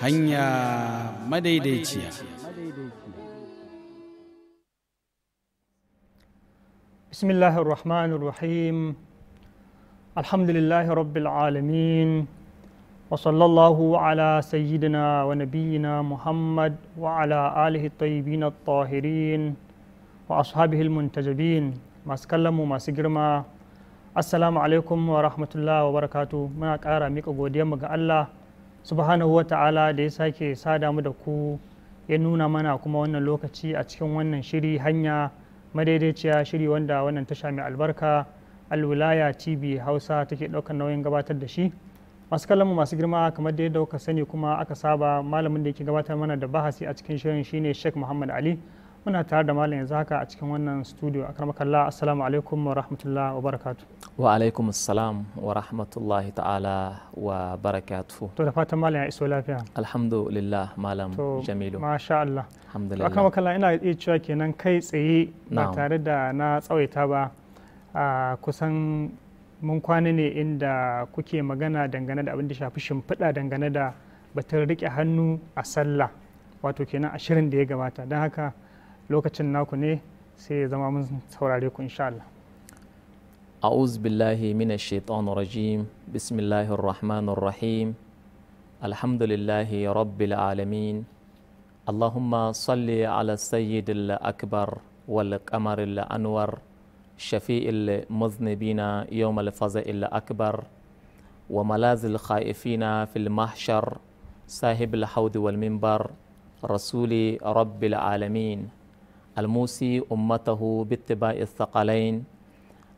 hanya madaidaiciya. Bismillahir Rahmanir Rahim Alhamdulillahi Rabbil Alamin wa sallallahu ala sayyidina wa nabiyyina Muhammad wa alihi tayyibin at wa ashabihi al-muntajabin masu kallamu masu girma Assalamu alaikum wa rahmatullahi wa barakatuh muna ƙara miƙa godiyarmu ga Allah subhanahu wa ta'ala da ya sake sada mu da ku ya nuna mana kuma wannan lokaci a cikin wannan shiri hanya madaidaiciya shiri wanda wannan tasha mai albarka alwilaya tv hausa take ɗaukar nauyin gabatar da shi masu kallonmu masu girma kamar da yadda kuka sani kuma aka saba malamin da yake gabatar mana da bahasi a cikin shirin shine sheikh muhammad ali muna tare da malam yanzu haka a cikin wannan studio a karmakalla assalamu alaikum wa rahmatullah wa barakatu wa alaikum assalam wa rahmatullahi ta'ala wa barakatu to da fatan malam ya iso lafiya alhamdulillah malam jamilu masha Allah alhamdulillah a karmakalla ina iya cewa kenan kai tsaye ba tare da na tsawaita ba a kusan mun kwana ne inda kuke magana dangane da abin da shafi shimfiɗa dangane da batun riƙe hannu a sallah wato kenan ashirin da ya gabata don haka lokacin naku ne sai ya zama mun saurare ku insha Allah أعوذ بالله من الشيطان الرجيم بسم الله الرحمن الرحيم الحمد لله رب العالمين اللهم صل على السيد الأكبر والقمر الأنور شفيع المذنبين يوم الفزع الأكبر وملاذ الخائفين في المحشر صاحب الحوض والمنبر رسول رب العالمين الموسي أمته باتباع الثقلين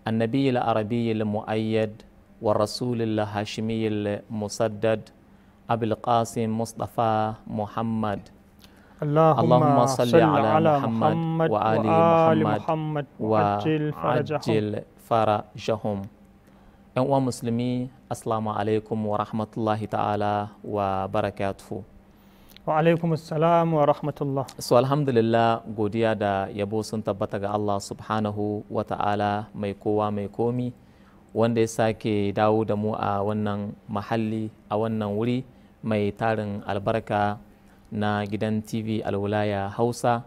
النبي العربي المؤيد والرسول الهاشمي المسدد أبي القاسم مصطفى محمد اللهم, اللهم صل على, على محمد, محمد وآل محمد, محمد وعجل فرجهم, فرجهم. ‘yan uwan السلام عليكم ورحمة الله تعالى وبركاته wa alaikum assalam wa rahmatullah so alhamdulillah godiya da yabo sun tabbata ga Allah subhanahu wa ta'ala mai kowa mai komi wanda ya sake dawo da mu a wannan mahalli a wannan wuri mai tarin albarka na gidan tv alwulaya hausa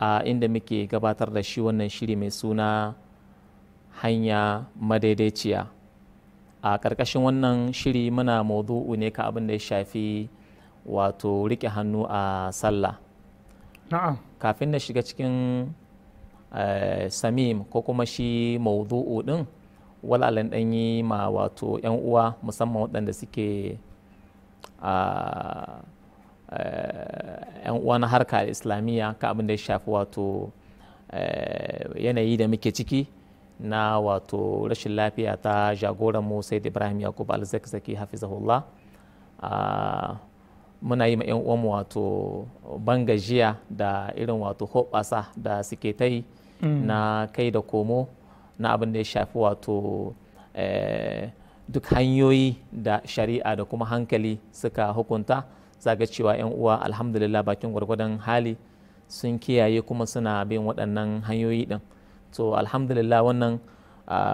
a inda muke gabatar da shi wannan shiri mai suna hanya madaidaiciya a ƙarƙashin wannan shiri muna maudu'u ne ka abin da ya shafi wato rike hannu a sallah kafin na shiga cikin eh, samim ko kuma shi maudu'u din walalan dan yi ma wato yan uwa musamman waɗanda suke yan eh, uwa na harka islamiyya ka abin da ya shafi wato eh, yanayi da muke ciki na wato rashin lafiya ta jagoran mu sai ibrahim yakub al-zakzaki hafizahullah ah, muna yi ma 'yan uwanmu wato bangajiya da irin wato hoɓasa da suke ta yi mm. na kai da komo na abin da ya shafi wato eh, duk hanyoyi da shari'a da kuma hankali suka hukunta zaga cewa 'yan uwa alhamdulillah bakin gwargwadon hali sun kiyaye kuma suna bin waɗannan hanyoyi ɗin to alhamdulillah wannan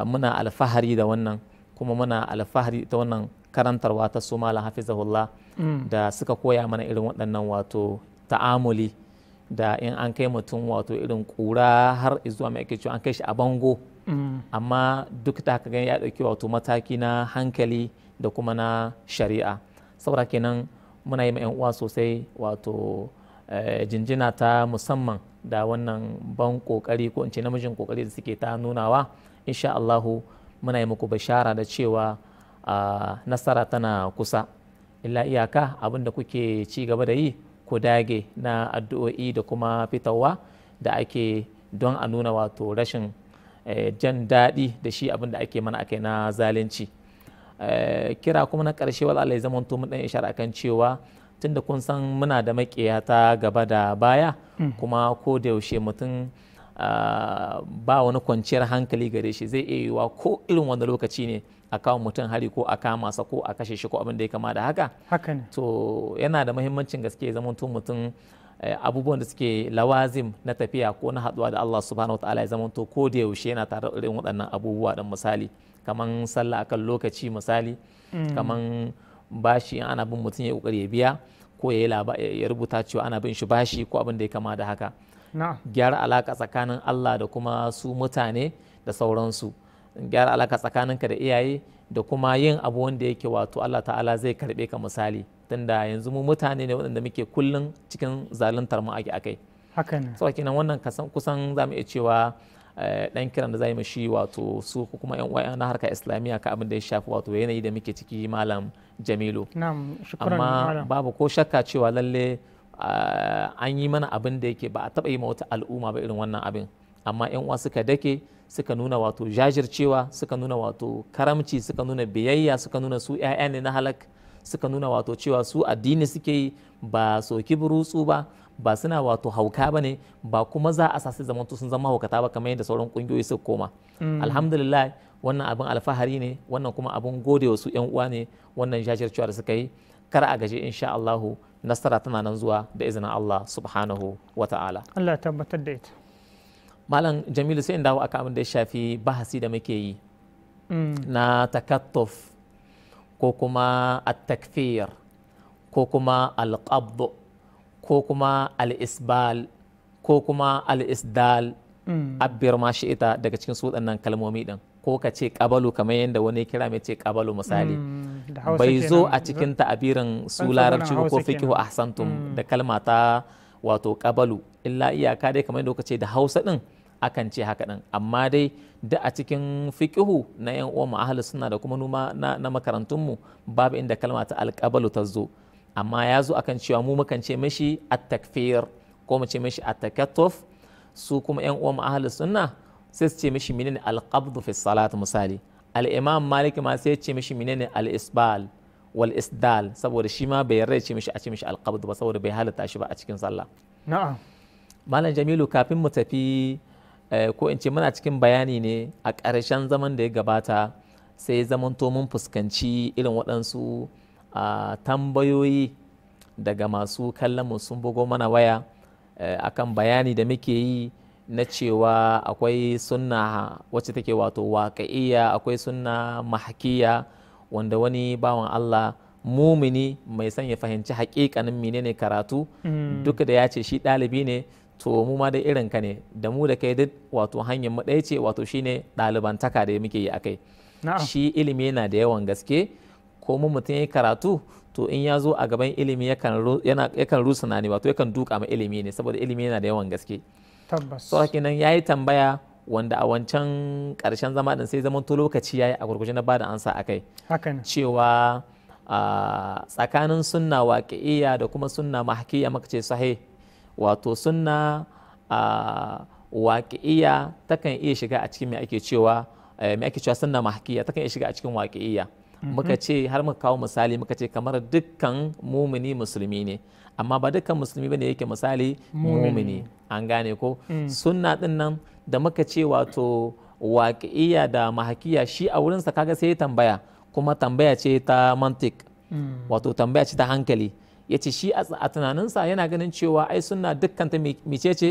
muna alfahari da wannan kuma muna alfahari ta wannan karantarwa ta su malam hafizahullah Mm. da suka koya mana irin waɗannan wato ta'amuli da in an kai mutum wato irin kura har zuwa mai ake cewa an kai shi a bango mm. amma duk da haka ya ɗauki wato mataki na hankali da kuma na shari'a saboda kenan muna yi yan uwa sosai wato eh, jinjina ta musamman da wannan ban kokari ko in ce namijin kokari da suke ta nunawa insha Allahu muna yi muku bishara da cewa ah, nasara tana kusa illa iyaka abin da kuke ci gaba da yi ku dage na addu'o'i da kuma fitawa da ake don a nuna wato rashin eh, jan daɗi da shi abin da ake mana ake na zalunci eh, kira kuma na ƙarshe wa Allah ya zama mun dan ishara akan cewa tunda kun san muna da maƙiya gaba da baya mm. kuma ko da yaushe mutum ba wani kwanciyar hankali gare shi zai iya yiwuwa ko irin wani lokaci ne a kawo mutum hari ko a kama sa ko a kashe shi ko abin da ya kama da haka haka ne to yana da muhimmancin gaske zaman to mutum eh, abubuwan da suke lawazim na tafiya ko na haduwa da Allah subhanahu wataala ya zaman to ko da yaushe yana tare da irin waɗannan abubuwa dan misali kaman sallah akan lokaci misali mm. kaman bashi ana bin mutum ya ya biya ko ya rubuta cewa ana bin shi bashi ko abin da ya kama da haka gyara alaka tsakanin Allah da kuma su mutane da sauransu gyara alaka tsakanin ka da iyaye da kuma yin abu wanda yake wato Allah ta'ala zai karbe ka misali tunda yanzu mu mutane ne waɗanda muke kullum cikin zaluntar mu ake akai haka ne so kenan wannan kusan za mu iya cewa dan eh, kiran da zai mu shi wato su kuma yan uwa na harka islamiyya ka abin da ya shafi wato yanayi da muke ciki malam jamilu amma babu ko shakka cewa lalle Ah, an yi mana abin da yake ba a taɓa yi ma wata al'umma ba irin wannan abin amma yan uwa suka dake suka nuna wato jajircewa suka nuna wato karamci suka nuna biyayya suka nuna su 'ya'ya ne na halak suka nuna wato cewa su addini suke yi ba soki burutsu ba ba suna wato hauka ba ne ba kuma za a sasi zamanto sun zama haukata ba kamar yadda sauran kungiyoyi suka koma mm. alhamdulillah wannan abin alfahari ne wannan kuma abin gode wasu yan uwa ne wannan jajircewa da suka yi kar a gaje insha Allahu nasara tana nan zuwa da izinin Allah subhanahu wa ta'ala Allah ya tabbatar da ita malam jamilu sai in dawo aka abin da ya shafi bahasi da muke yi mm. na takattuf ko kuma at-takfir ko kuma al-qabd ko kuma al-isbal ko kuma al-isdal mm. abbir ma shi ita daga cikin su waɗannan kalmomi din ko ka ce kabalu kamar yadda wani kira mai ce kabalu misali mm. bai zo a cikin ta'abirin su larabci ko fikihu ahsantum hmm. da kalma ta wato kabalu illa iyaka dai kamar lokaci da hausa din akan ce haka din amma dai da a cikin fikihu na yan uwa ahli sunna da kuma numa na, makarantunmu babu inda kalma ta alkabalu ta zo amma ya zo akan cewa mu mukan ce mishi at-takfir ko mu ce mishi at-takattuf su kuma yan uwa ahli sunna sai su ce mishi menene alqabdu fi salat misali al'imam malik ma sai ya ce mishi menene al-isbal wal isdal saboda shi ma bai yarda ce mishi a ce mishi alqabd ba saboda bai halitta shi ba a cikin sallah na'am malam jamilu kafin mu tafi eh, ko in ce muna cikin bayani ne a ƙarshen zaman da ya gabata sai to mun fuskanci irin waɗansu tambayoyi daga masu kallon mu sun bugo mana waya eh, akan bayani da muke yi na cewa akwai sunna wacce take wato waƙa'iyya akwai sunna mahakiya wanda wani bawan Allah mumini mai son ya fahimci haƙiƙanin menene karatu mm. duk da ya ce shi ɗalibi ne to mu ma da irin ka ne da mu da kai duk wato hanyar mu ɗaya ce wato shine ɗalibantaka da muke yi a akai shi ilimi yana da yawan gaske ko mu mutum ya karatu to in ya zo a gaban ilimi yakan rusuna ne wato yakan duka ma ilimi ne saboda ilimi yana da yawan gaske tabbas so kenan yayi tambaya wanda a wancan karshen zama din sai zaman to lokaci yayi a gurguje na bada ansa akai hakan cewa tsakanin sunna waqi'iyya da kuma sunna mahkiyya maka ce sahih wato sunna ta takan iya shiga a cikin me ake cewa eh, me ake cewa sunna mahkiya takan iya shiga a cikin waƙi'iya muka mhm. ce har muka kawo misali muka ce kamar dukkan mumini musulmi ne amma ba dukkan musulmi bane yake misali mumini an gane ko mm. sunna din nan da muka ce wato waƙi'iya da mahakiya shi a wurinsa kaga sai tambaya kuma tambaya ce ta mantik mm. wato tambaya ce ta hankali ya ce shi a tunaninsa yana ganin cewa ai sunna dukkan ta mice ce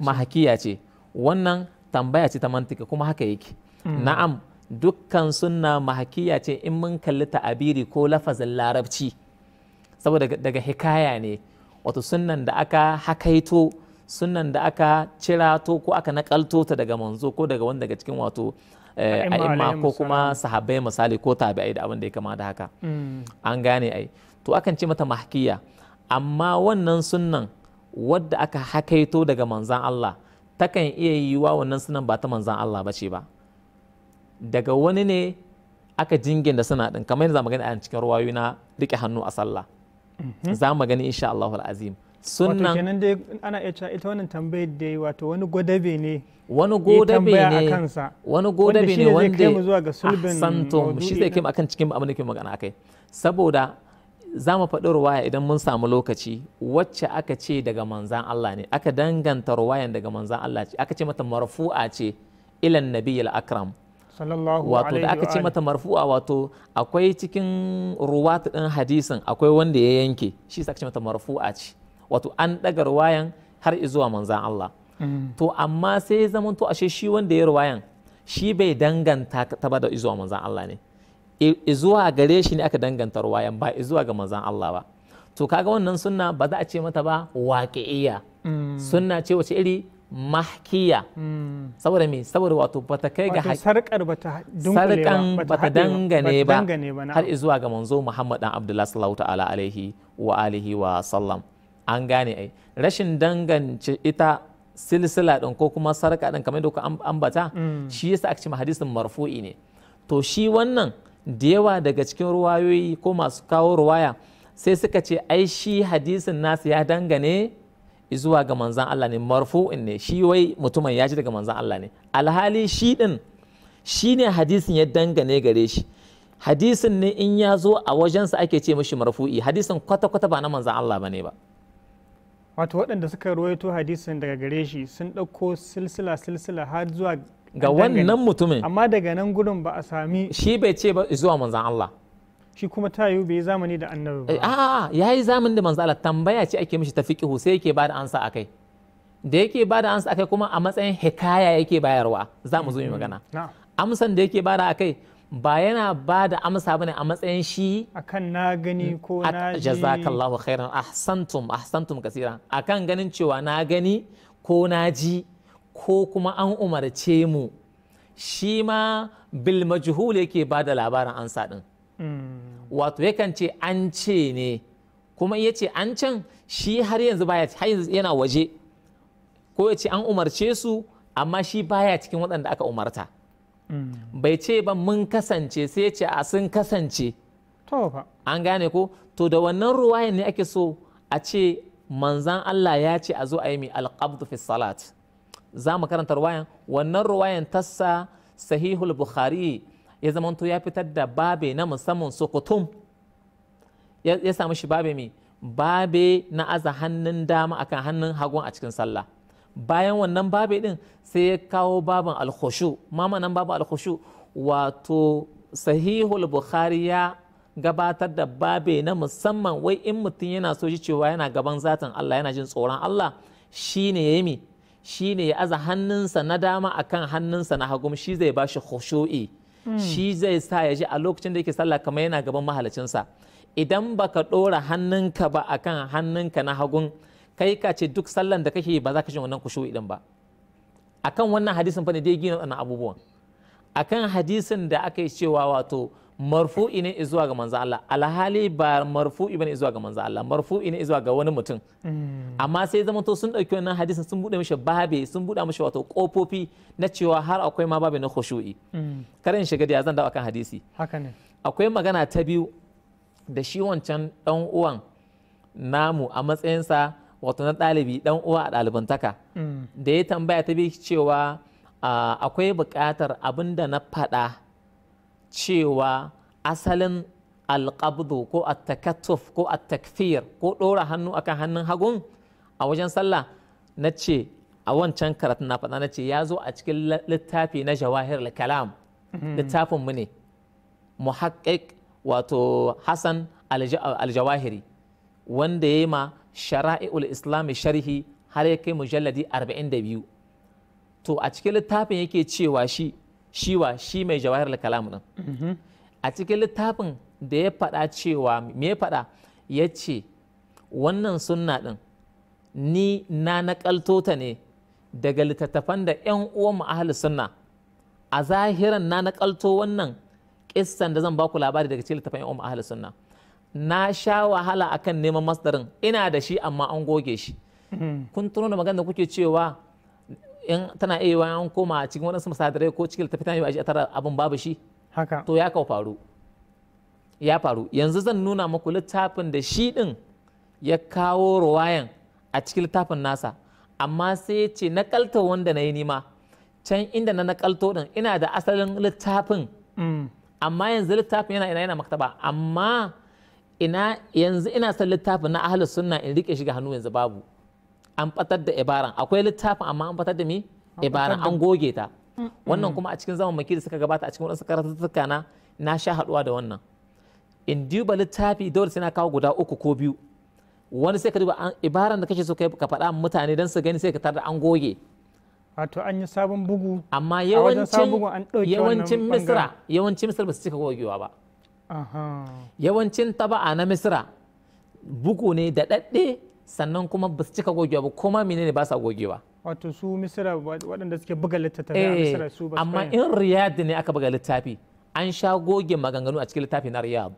mahakiya ce wannan tambaya ce ta mantika kuma haka yake mm. na'am dukkan sunna mahakiya ce in mun kalli ta'abiri ko lafazin larabci saboda daga hikaya ne wato sunan da aka hakaito sunan da aka cirato ko aka nakalto ta daga manzo ko daga wanda daga cikin wato eh, A imma ko kuma sahabbai misali ko tabi'ai da abin da ya kama da haka mm. an gane ai to akan ce mata mahkiya amma wannan sunan wadda aka hakaito daga manzan Allah takan iya wa wannan sunan ba ta manzan Allah ba ce ba daga wani ne aka jingin da suna din kamar yadda magana a cikin ruwayoyi na rike hannu a sallah Mhm. za mu gani insha Allah azim sunnan kenan dai ana iya cewa ita wannan tambayar dai wato wani godabe ne wani godabe ne wani godabe ne wanda santum shi zai kai akan cikin abin da ke magana akai saboda za mu faɗi ruwaya idan mun samu lokaci wacce aka ce daga manzan Allah ne aka danganta ruwayan daga manzan Allah ce aka ce mata marfu'a ce ilan nabiyil akram wato da aka ce mata marfu'a wato akwai cikin ruwat din hadisin akwai wanda ya yanke shi sa ce mata marfu'a ce wato an daga ruwayan har zuwa manzan Allah mm. to amma sai zaman to ashe shi wanda ya ruwayan shi bai danganta ta ba da zuwa manzan Allah ne izuwa gare shi ne aka danganta ruwayan ba zuwa ga manzan Allah ba to kaga wannan sunna ba za a ce mata ba waƙi'iyya mm. sunna ce wace iri mahkiya hmm. saboda me saboda wato bata kai ga sarkar bata sarkan bata dangane ba har zuwa ga manzo Muhammad dan Abdullah sallallahu ta'ala alaihi wa alihi wa sallam an gane ai rashin dangance ita silsila din ko kuma sarka din kamar da ku ambata hmm. shi yasa aka ce hadisin marfu'i ne to shi wannan da yawa daga cikin ruwayoyi ko masu kawo ruwaya sai suka ce ai shi hadisin nasu ya dangane zuwa ga manzan Allah ne marfu'in ne shi wai mutumin ya ji daga manzan Allah ne alhali shi din shi ne hadisin ya dangane gare shi hadisin ne in ya zo a wajensa ake ce mashi marfu'i hadisin kwata-kwata ba na manzan Allah ba ne ba wato waɗanda suka ruwaito hadisin daga gare shi sun ɗauko silsila silsila har zuwa ga wannan mutumin amma daga nan gudun ba a sami shi bai ce ba zuwa manzan Allah shi kuma ta yiwu bai yi zamani da annabi ba a'a ya yi zamani da manzo Allah tambaya ce ake mishi ta fiqhu sai yake bada ansa akai da yake bada ansa akai kuma a matsayin hikaya yake bayarwa za mu zo mu mm-hmm. magana amsan da yake bada akai ba yana ba da amsa bane a matsayin shi akan na gani mm, ko na ji jazakallahu khairan ahsantum ahsantum kasira akan ganin cewa na gani ko na ji ko kuma an umarce mu shi ma bil majhul yake ba da labarin ansa din mm. wato yakan ce an ce ne kuma iya ce an can shi har yanzu baya yana waje ko ya ce an umarce su amma shi baya cikin waɗanda aka umarta mm. bai ce ba mun kasance sai ya ce a sun kasance an gane ko to da wannan ruwayan ne ake so a ce manzan Allah ya ce a zo a yi mai alƙabdu fi salat za mu karanta ruwayan wannan ruwayan tassa sahihul bukhari ya zamanto ya fitar da babe na musamman sokotum ya samu shi babe mai babe na aza hannun dama akan hannun hagun a cikin sallah bayan wannan babe din sai ya kawo babin alkhushu mama nan babu alkhushu wato sahihul bukhari ya gabatar da babe na musamman wai in mutum yana so ji cewa yana gaban zatin Allah yana jin tsoron Allah shine yayi shi shine ya aza hannunsa na dama akan hannunsa na hagum shi zai bashi khushu'i Hmm. shi zai sa ya ji a lokacin da yake sallah kamar yana gaban mahalicinsa idan baka ɗora hannunka ba akan hannunka na hagun kai ka ce duk sallan da kake ba za ka shi wannan kushu idan ba akan wannan hadisin fa ne dai gina wannan abubuwan akan hadisin da aka yi cewa wato marfu'i ne zuwa ga manzo Allah alhali ba marfu'i bane zuwa ga manzo Allah marfu'i ne zuwa ga wani mutum hmm. amma sai zama to sun dauki wannan hadisin sun bude mishi babe sun bude mishi wato kofofi na cewa har akwai ma babe na khushu'i hmm. karin shiga da zan dawo akan hadisi haka ne akwai magana ta biyu da shi wancan dan uwan namu a matsayinsa wato na ɗalibi dan uwa a ɗalibantaka hmm. da ya tambaya ta biyu cewa ah, akwai buƙatar abinda na faɗa cewa asalin alƙabdu ko attakattuf ko attakfir ko ɗora hannu akan hannun hagun a wajen sallah na ce a wancan karatun na faɗa na ce ya zo a cikin littafi na jawahir kalam mhm. littafin mu ne muhakkik wato hassan aljawahiri wanda ya yi ma shara'i'ul islami sharhi har ya kai mujalladi 42 to a cikin littafin yake cewa shi shiwa shi mai jawahir kalam din mm-hmm. a cikin littafin da ya faɗa cewa me ya faɗa ya ce wannan sunna din ni na naƙalto ta ne daga littattafan da 'yan uwan ahli sunna a zahiran na naƙalto wannan kissan da zan baku labari daga cikin littattafan 'yan uwan ahli sunna na sha wahala akan neman masdarin ina da shi amma an goge shi mm-hmm. kun tuno da magana da kuke cewa in tana iya yiwa an koma cikin waɗansu masadarai ko cikin littafi tana yi a tara abin babu shi haka to ya kawo faru ya faru yanzu zan nuna muku littafin da shi din ya kawo ruwayan a cikin littafin nasa amma sai ya ce na kalto wanda na yi nima can inda na kalto din ina da asalin littafin mm. amma yanzu littafin yana ina yana maktaba amma ina yanzu ina son littafin na ahlus sunna in rike shi ga hannu yanzu babu an batar da ibaran akwai littafin amma an batar da mi ibaran an goge ta wannan kuma a cikin zaman maki da suka gabata a cikin wadansu karatuttuka na na sha haduwa da wannan in duba littafi dole sai na kawo guda uku ko biyu wani sai ka duba ibaran da kake so ka faɗa mutane don su gani sai ka tarda an goge wato an yi sabon bugu amma yawancin yawancin misra yawancin misra ba su cika gogewa ba yawancin taba'a na misra bugu ne da daɗe sannan kuma ba su cika gogewa ba kuma ma menene ba sa gogewa wato su misira waɗanda suke buga littattafai a eh, misira su ba amma in riyad ne aka buga littafi an sha goge maganganu a cikin littafi na riyad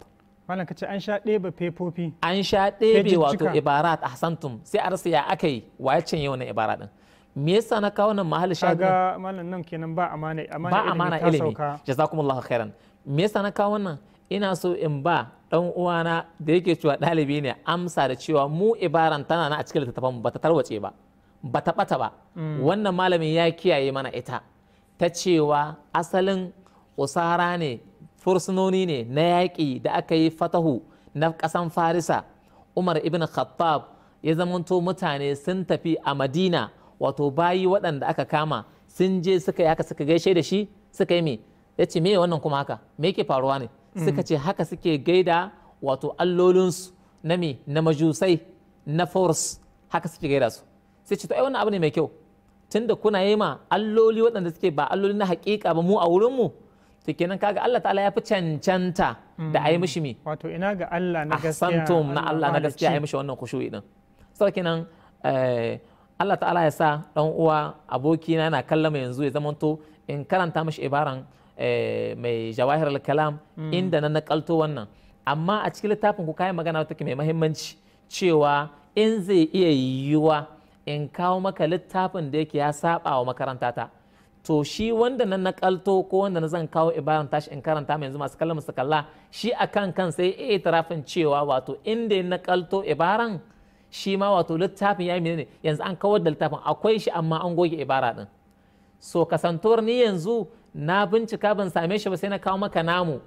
malam kace an sha ɗebe fefofi an sha ɗebe wato ibarat a ahsantum sai a rasa ya aka yi wa ya canye wannan ibara din me yasa na kawo nan mahal shahid ga malam nan kenan ba amana amana ba amana ilimi jazakumullahu khairan me yasa na kawo nan ina so in ba ɗan uwana da yake cewa ɗalibi ne amsa da cewa mu ibaran tana na a cikin littattafan ba ta tarwace ba ba ta ɓata ba mm. wannan malamin ya kiyaye mana ita ta cewa asalin usara ne fursunoni ne na yaƙi da aka yi fatahu na ƙasan farisa umar ibn khattab ya zamanto mutane sun tafi a madina wato bayi waɗanda aka kama sun je suka yi haka suka gaishe da shi suka yi me ya ce me wannan kuma haka me yake faruwa ne suka mm. ce haka suke gaida wato allolinsu na me na majusai na force haka suke gaida su sai ce to ai wannan abu ne mai kyau tunda kuna yi ma alloli waɗanda suke ba alloli na haƙiƙa ba mu a wurin mu to kenan kaga Allah ta'ala ya fi cancanta da ayi mm. mishi mi wato ina ga Allah na gaskiya santum na Allah na gaskiya ayi mishi wannan kushu'i din saboda kenan eh, Allah ta'ala ya sa dan uwa aboki na yana kallama yanzu ya zamanto in karanta mishi ibaran Eh, mai jawahir kalam hmm. inda na nakalto wannan amma a cikin littafin ku kayan magana take mai mahimmanci cewa in zai iya yiwuwa in kawo maka littafin da yake ya saba wa makaranta ta to shi wanda na nakalto ko wanda na zan kawo ibaran tashi in karanta mai yanzu masu kallon musu kalla shi akan kan sai iya tarafin cewa wato inda ya nakalto ibaran shi ma wato littafin ya yi ne yanzu an kawar da littafin akwai shi amma an goge ibara din so kasantuwar ni yanzu na bincika ban same shi ba sai na kawo maka namu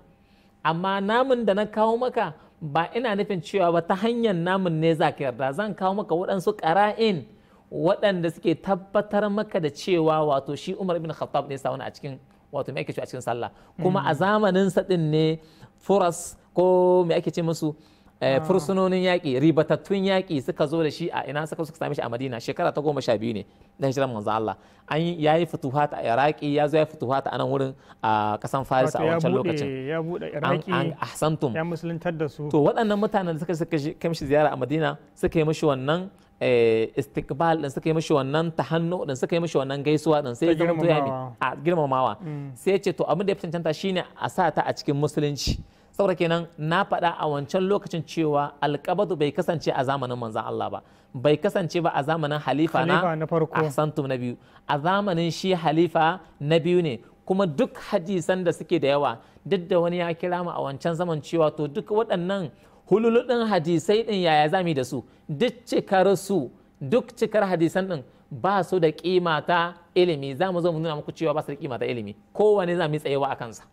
amma namun da na kawo maka ba ina nufin cewa ba ta hanyar namun ne za ka yarda zan kawo maka waɗansu ƙara'in waɗanda suke tabbatar maka da cewa wato shi umar ibn khattab ne sauna a cikin wato me ake cewa a cikin sallah kuma a mm. zamanin sa ɗin ne furas ko me ake ce musu Eh, ah. fursunonin yaƙi ribatattun yaƙi suka zo da shi a ina suka suka same shi a madina shekara ta goma sha biyu ne na hijiran manzo Allah an ya yi fituhat a iraki ya zo ya fituhat a nan wurin a kasan faris a wancan lokacin ya buɗe iraki an ahsantum ya musuluntar da su to waɗannan mutanen da suka suka kamshi ziyara a madina suka yi mishi wannan eh, istikbal din suka yi mishi wannan tahannu din suka yi mishi wannan gaisuwa din sai ya a girmamawa mm. sai ya ce to abin da ya fi cancanta shine a sa ta a cikin musulunci saboda kenan na faɗa a wancan lokacin cewa alƙabadu bai kasance a zamanin manzan Allah ba bai kasance ba a zamanin halifa na farko na biyu a zamanin shi halifa na biyu ne kuma duk hadisan da suke da yawa duk da wani ya kira mu a wancan zaman cewa to duk waɗannan hululudin hadisai ɗin yaya zami da su duk cikar su duk cikar hadisan ɗin ba su da kima ta ilimi za mu zo mu nuna muku cewa ba su da kima ta ilimi kowane za mu yi tsayewa a kansa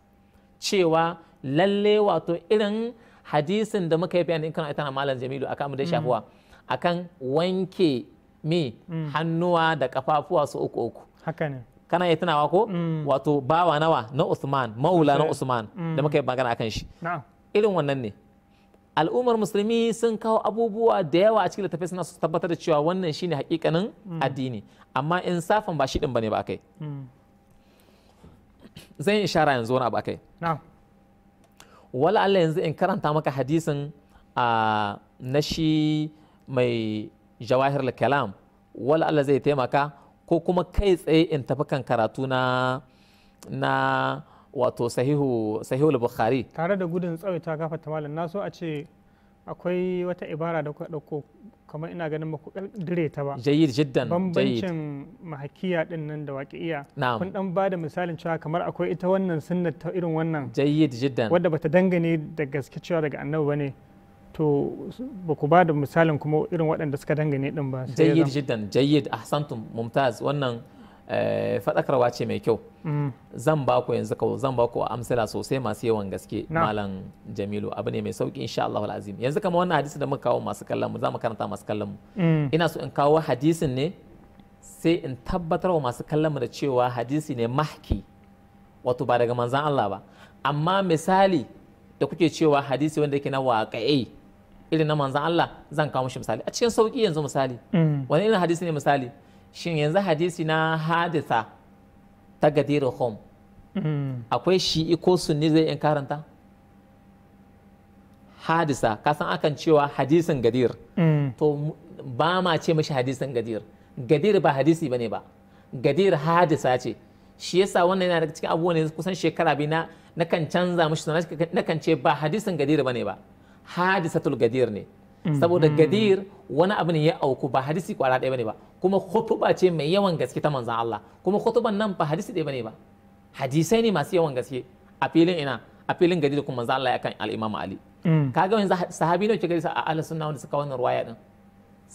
cewa lalle wato irin hadisin da muka yi bayani in kana ita malam jamilu akan mu da shafuwa akan wanke me mm. hannuwa da kafafuwa su uku uku haka ne kana iya tunawa ko mm. wato bawa nawa na Usman maula na Usman da mm. muka yi magana akan shi irin wannan ne al'ummar musulmi sun kawo abubuwa da yawa a cikin littafi suna su tabbatar da cewa wannan shine hakikanin addini amma in safan ba shi din bane ba kai. zan yi ishara yanzu wani abu akai wala Allah yanzu in karanta maka hadisin a na shi mai jawahir kalam wala Allah zai taimaka ko kuma kai tsaye in tafi kan karatu na na wato sahihu sahihul bukhari tare da gudun tsawaita gafata malam na so a ce akwai wata ibara da kuka dauko kamar ina ganin ba ku dire ta ba jayyid jiddan bambancin mahakiya din nan da Na'am. kun dan ba da misalin cewa kamar akwai ita wannan sunna ta irin wannan jayyid jiddan wadda bata dangane da gaske cewa daga annabi bane to ba ku ba da misalin kuma irin waɗanda suka dangane din ba jayyid jiddan jayyid ahsantum mumtaz wannan Eh, faɗakarwa ce mai kyau mm. zan ba ku yanzu kawo zan ba ku amsala sosai masu yawan gaske malam jamilu abu ne mai sauki insha Allah azim yanzu kama wannan hadisi da muka kawo masu kallon mu za mu karanta masu kallon mu mm. ina so in kawo hadisin ne sai in tabbatar wa masu kallon mu da cewa hadisi ne mahki wato ba daga manzan Allah ba amma misali da kuke cewa hadisi wanda yake na waƙa'i irin na manzan Allah zan kawo mishi misali a cikin sauki yanzu misali mm. wani irin hadisi ne misali shin yanzu hadisi na hadisa ta gadira home akwai shi ko sunni zai in karanta hadisa kasan akan cewa hadisin gadir hmm. to ba ma ce mashi hadisin gadir gadir ba hadisi bane ba gadir hadisa ce shi yasa wannan yana daga cikin abubuwan ne kusan shekara bi na kan canza mashi na kan ce ba hadisin gadir bane ba hadisatul gadir ne Mm-hmm. saboda gadir wani abu ne ya auku ba hadisi kwara ɗaya bane ba kuma hutuba ce mai yawan gaske ta manzan Allah kuma hutuban nan ba hadisi ɗaya bane ba hadisai ne masu yawan gaske a filin ina a filin gadir kuma manzan Allah ya kan al-Imam Ali mm. kaga yanzu sahabi ne ke gari a ahlus sunna wanda suka wannan ruwaya din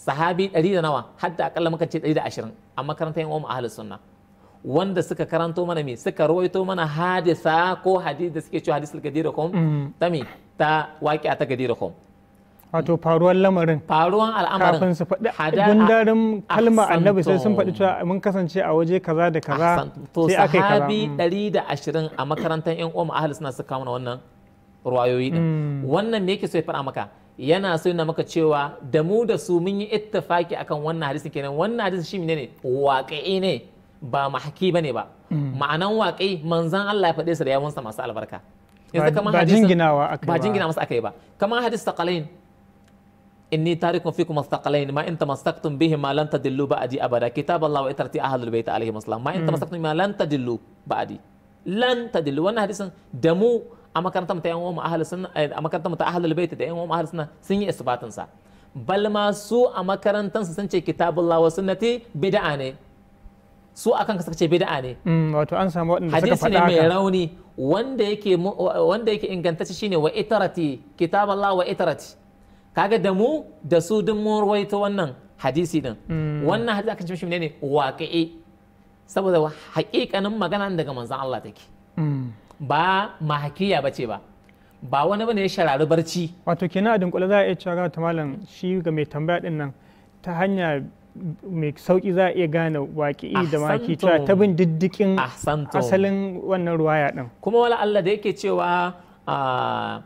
sahabi ɗari da nawa hatta akalla muka ce ɗari da ashirin a makarantar yan umma ahlus sunna wanda suka karanto mana me suka rawaito mana hadisa ko hadisi da suke cewa hadisul gadirakum mm. ta me ta waqi'a ta gadirakum wato faruwar lamarin faruwan al'amarin kafin su faɗi gundarin kalmar annabi sai sun faɗi cewa mun kasance a waje kaza da kaza sai aka yi kaza sahabi 120 mm. a makarantar yan uwa ahli suna suka mana wannan ruwayoyi din mm. wannan me yake so ya faɗa maka yana so yana maka cewa da mu da su mun yi ittifaki akan wannan hadisin kenan wannan hadisin shi ne waƙi ne ba mahaki bane ba mm. ma'anan waƙi manzon Allah ya faɗe su da yawansa masu albarka yanzu kamar yi ba jingina masa akai ba kamar hadis taqalin inni tarikun fikum mustaqalain ma in tamassaktum bihi ma lan tadillu ba'di abada kitab Allah wa itarti ahlul bait alaihi wasallam ma in tamassaktum ma lan tadillu ba'di lan tadillu wannan hadisin da mu a makarantar mu ta yan uwan ahlus sunna a makarantar mu ta ahlul bait da yan uwan ahlus sunna sun yi isbatin sa bal ma su a makarantar su sun ce kitabullah wa sunnati bid'a ne su akan ka ce bid'a ne wato an samu waɗanda suka faɗa hadisi ne mai rauni wanda yake wanda yake ingantacce shine wa itarati kitaballah wa itarati kaga da mu da su duk mun ruwaito wannan hadisi din hmm. wannan hadisi akan ce mishi ne waqi'i saboda haƙiƙanin magana daga manzon Allah take hmm. ba mahakiya bace ba ba wani bane ya sharari barci wato kenan a dunkule za a iya cewa ta malam shi ga mai tambaya din nan ta hanya mai sauki za a iya gane waƙi'i da maki cewa ta bin diddikin asalin wannan ruwaya din kuma wala Allah da yake cewa ah,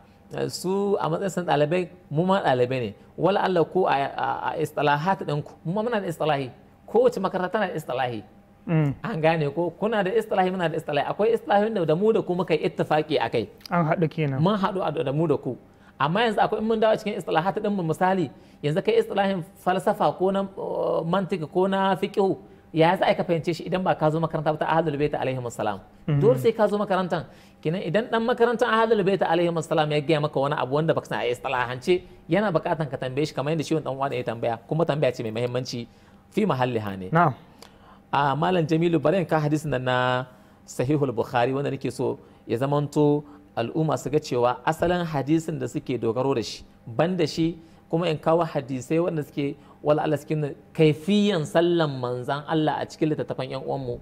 su a matsayin ɗalibai mu ma ɗalibai ne wala Allah ko a istalahat ku mu ma muna da istalahi wace makaranta na da istalahi mm. an gane ko kuna da istalahi muna da istalahi akwai istalahin da mu da ku muka yi ittifaki akai an haɗu kenan mun haɗu da mu da ku amma yanzu akwai in mun dawo cikin istalahat ɗin mu misali yanzu kai istalahin falsafa ko na uh, mantiki ko na fiqihu ya za ka fahimce shi idan ba ka zo makaranta ba ta ahlul bait alaihi salam dole sai ka zo makarantan kinan idan dan makarantan ahlul bait alaihi salam ya gaya maka wani abu wanda baka san a istilahance yana bukatan ka tambaye shi kamar yadda shi dan wani ya tambaya kuma tambaya ce mai muhimmanci fi mahalliha ne a malam jamilu bari in ka hadisin nan na sahihul bukhari wanda nake so ya zamanto al'umma su ga cewa asalin hadisin da suke dogaro da shi ban da shi kuma in kawo hadisai wanda suke wala Allah cikin kaifiyan sallan manzan Allah a cikin littattafan yan uwanmu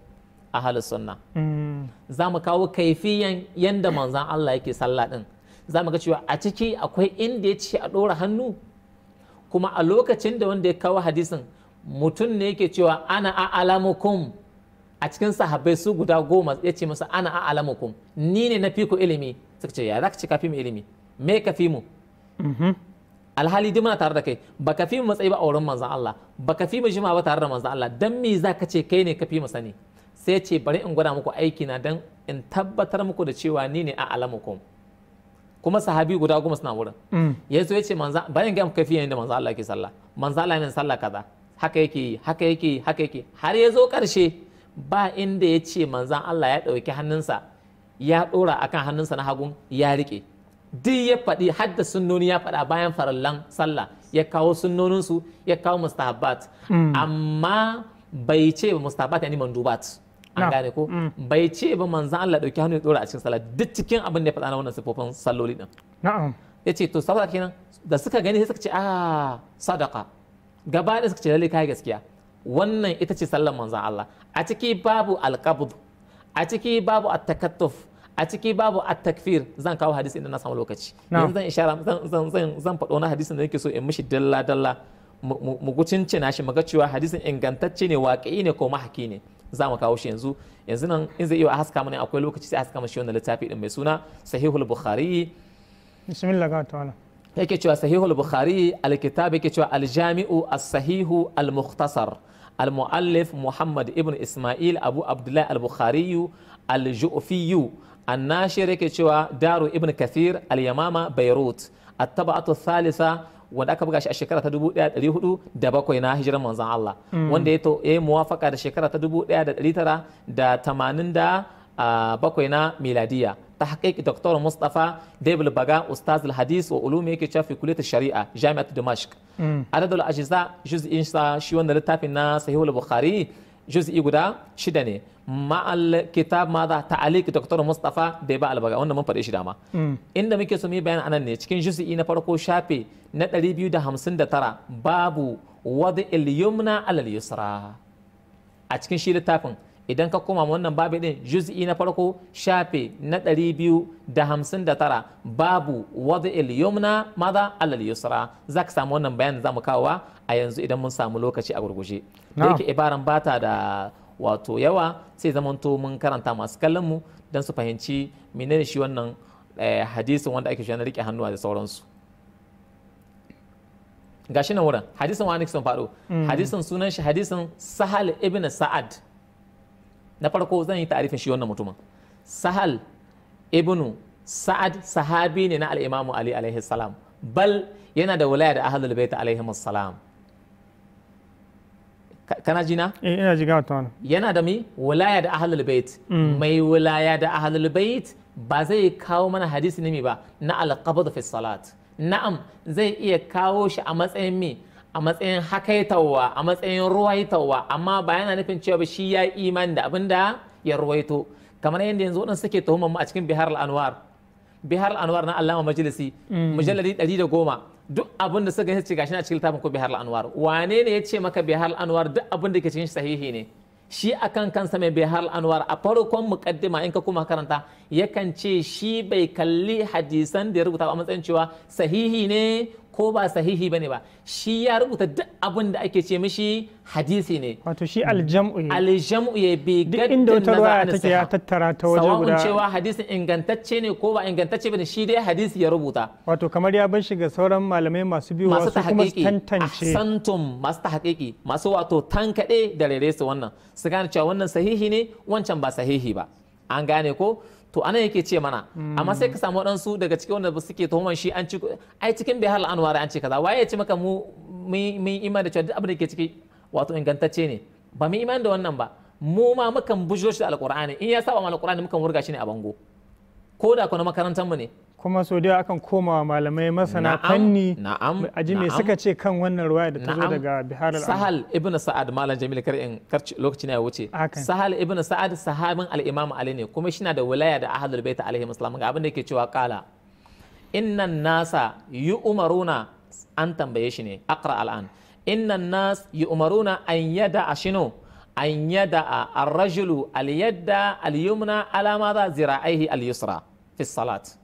a halin sunna mm. za mu kawo kaifiyan yanda manzan Allah yake sallah din za mu ga cewa a ciki akwai inda ya ce a ɗora hannu kuma a lokacin da wanda ya kawo hadisin mutum ne yake cewa ana a alamukum a cikin sahabbai su guda goma ya ce masa ana a alamukum ni ne na fi ku ilimi suka ce ya za ka ce ka fi mu ilimi me ka fi mu mm-hmm. alhali duk muna tare da kai baka fi mu matsayi ba a wurin manzon Allah baka fi mu jima ba tare da manzon Allah dan me za ka ce kai ne ka fi mu sani sai ce bari in gwada muku aiki na dan in tabbatar muku da cewa ni ne a alamukum kuma sahabi guda goma suna wurin mm. Ya yace manzo bayan ga muka fi yayin da manzon Allah ke sallah manzon Allah ne sallah kaza haka yake haka yake haka yake har ya zo karshe ba inda ya ce manzon Allah ya dauki hannunsa ya dora akan hannunsa na hagun ya rike duk ya faɗi hadda sunnoni ya faɗa bayan farallan sallah ya kawo sunnoninsu ya kawo mustahabbat hmm. amma bai ce ba mustahabbat yani mandubat an gane ko hmm. bai ce ba manzan Allah dauki hannu ya dora a cikin sallah duk cikin abin da ya faɗa na wannan sifofin salloli din na'am ce to saboda kenan da suka gani sai suka ce ah sadaka gaba da suka ce lalle kai gaskiya wannan ita ce sallar manzan Allah a ciki babu alqabd a ciki babu at-takattuf a ciki babu at-takfir zan kawo hadisi idan na samu lokaci yanzu zan ishara zan zan zan faɗo na hadisin da nake so in mishi dalla dalla mu gucincina shi muga cewa hadisin ingantacce ne waƙi ne ko mahaki ne za mu kawo shi yanzu yanzu nan in zai iya a haska mana akwai lokaci sai a haska mana shi wannan littafi din mai suna sahihul bukhari bismillah ga ta'ala yake cewa sahihul bukhari alkitab yake cewa aljami'u as-sahihu al-mukhtasar المؤلف محمد ابن إسماعيل أبو عبد الله البخاري الجؤفي annashir yake cewa daru ibn kathir al-yamama Bairut at-tabatu Salisa wanda aka buga shi a shekara ta dubu daya da hudu da bakwai na hijiran manzon Allah hmm. wanda ya yi muwafaka da shekara ta dubu daya da tara da tamanin ah, bakwai na miladiya ta haƙaƙi Dr. Mustapha David Baga Ustaz al a wa ulumi yake cewa fi kulita shari'a Jami'at Dimashq. Hmm. Adadul Ajiza juz'in sa shi wannan littafin na Sahihul Bukhari juz'i guda shida ne ma'al kitab ma za ta'alik dr mustafa bai ba albaga wanda mun faɗi shi dama inda muke so mu yi bayan anan ne cikin juz'i na farko shafe na 259 babu wadi al yumna al yusra a cikin shi littafin idan ka koma wannan babu din juz'i na farko shafe na ɗari biyu da da tara babu wadda yumna maza alal yusra za ka samu wannan bayanin mu kawowa a yanzu idan mun samu lokaci a gurguje da yake ibaran bata da wato yawa sai zamanto mun karanta masu kallon mu don su fahimci menene shi wannan eh, hadisin wanda ake shi na rike hannuwa da sauransu gashi nan wurin hadisin wani kisan faɗo mm. hadisin sunan shi hadisin sahal ibn sa'ad na farko zan yi ta'arifin shi wannan mutumin sahal ibnu sa'ad sahabi ne na al'imamu ali alaihi salam bal yana da wulaya da ahlul bait alaihi salam kana jina? eh ina ji gama yana da mi wulaya da ahlul bait mm. mai wulaya da ahlul bait ba zai kawo mana hadisi ne ba na alqabd fi salat na'am zai iya kawo shi a matsayin mi a matsayin hakaitawa a matsayin ruwaitawa amma ba yana nufin cewa ba shi ya iman da abin da ya ruwaito kamar yadda yanzu waɗansu suke tuhumar mu a cikin bihar al'anwar bihar al'anwar na allama majalisi mm. mujalladi ɗari da goma duk abin da suka cikin gashi na cikin littafin ko bihar al'anwar wane ne ya ce maka bihar al'anwar duk abin da ke cikin sahihi ne shi akan kansa mai bihar al'anwar a farkon mukaddima in ka kuma karanta yakan ce shi bai kalli hadisan da ya rubuta a matsayin cewa sahihi ne ko ba sahihi bane ba shi ya rubuta duk abin da ake ce mishi hadisi ne wato shi aljam'u ne aljam'u ya bi gaddin inda wata ruwaya take ya tattara ta waje guda sawa'un cewa hadisin ingantacce ne ko ba ingantacce bane shi dai hadisi ya rubuta wato kamar ya bar shi ga sauran malamai masu biyu wasu kuma su tantance santum masu ta hakiki masu wato tankade da rere su wannan su gane cewa wannan sahihi ne wancan ba sahihi ba an gane ko to ana yake ce mana amma sai ka hmm. samu waɗansu daga cikin wanda suke tuhuman shi an ci ai cikin bai hal anwar an ce kaza waye ya ce maka mu mun imani da cewa duk abin da ke ciki wato ingantacce ne ba mu imani da wannan ba mu ma mukan bujiro shi da alqur'ani in ya saba ma alqur'ani mukan wurga shi ne a bango ko da kuma makarantar mu ne kuma so da akan koma malamai masana fanni aji me suka ce kan wannan ruwa da ta zo daga bihar al sahal ibn sa'ad malam jamil kar in lokaci na ya wuce sahal ibn sa'ad sahabin al-imam ali ne kuma shi na da wilaya da ahlul bait alaihi assalam ga abin da yake cewa kala innan nasa yu'maruna an tambaye shi ne aqra al'an innan nas yu'maruna an yada ashinu an yada ar-rajulu al-yadda al-yumna ala madha zira'aihi al-yusra fi salat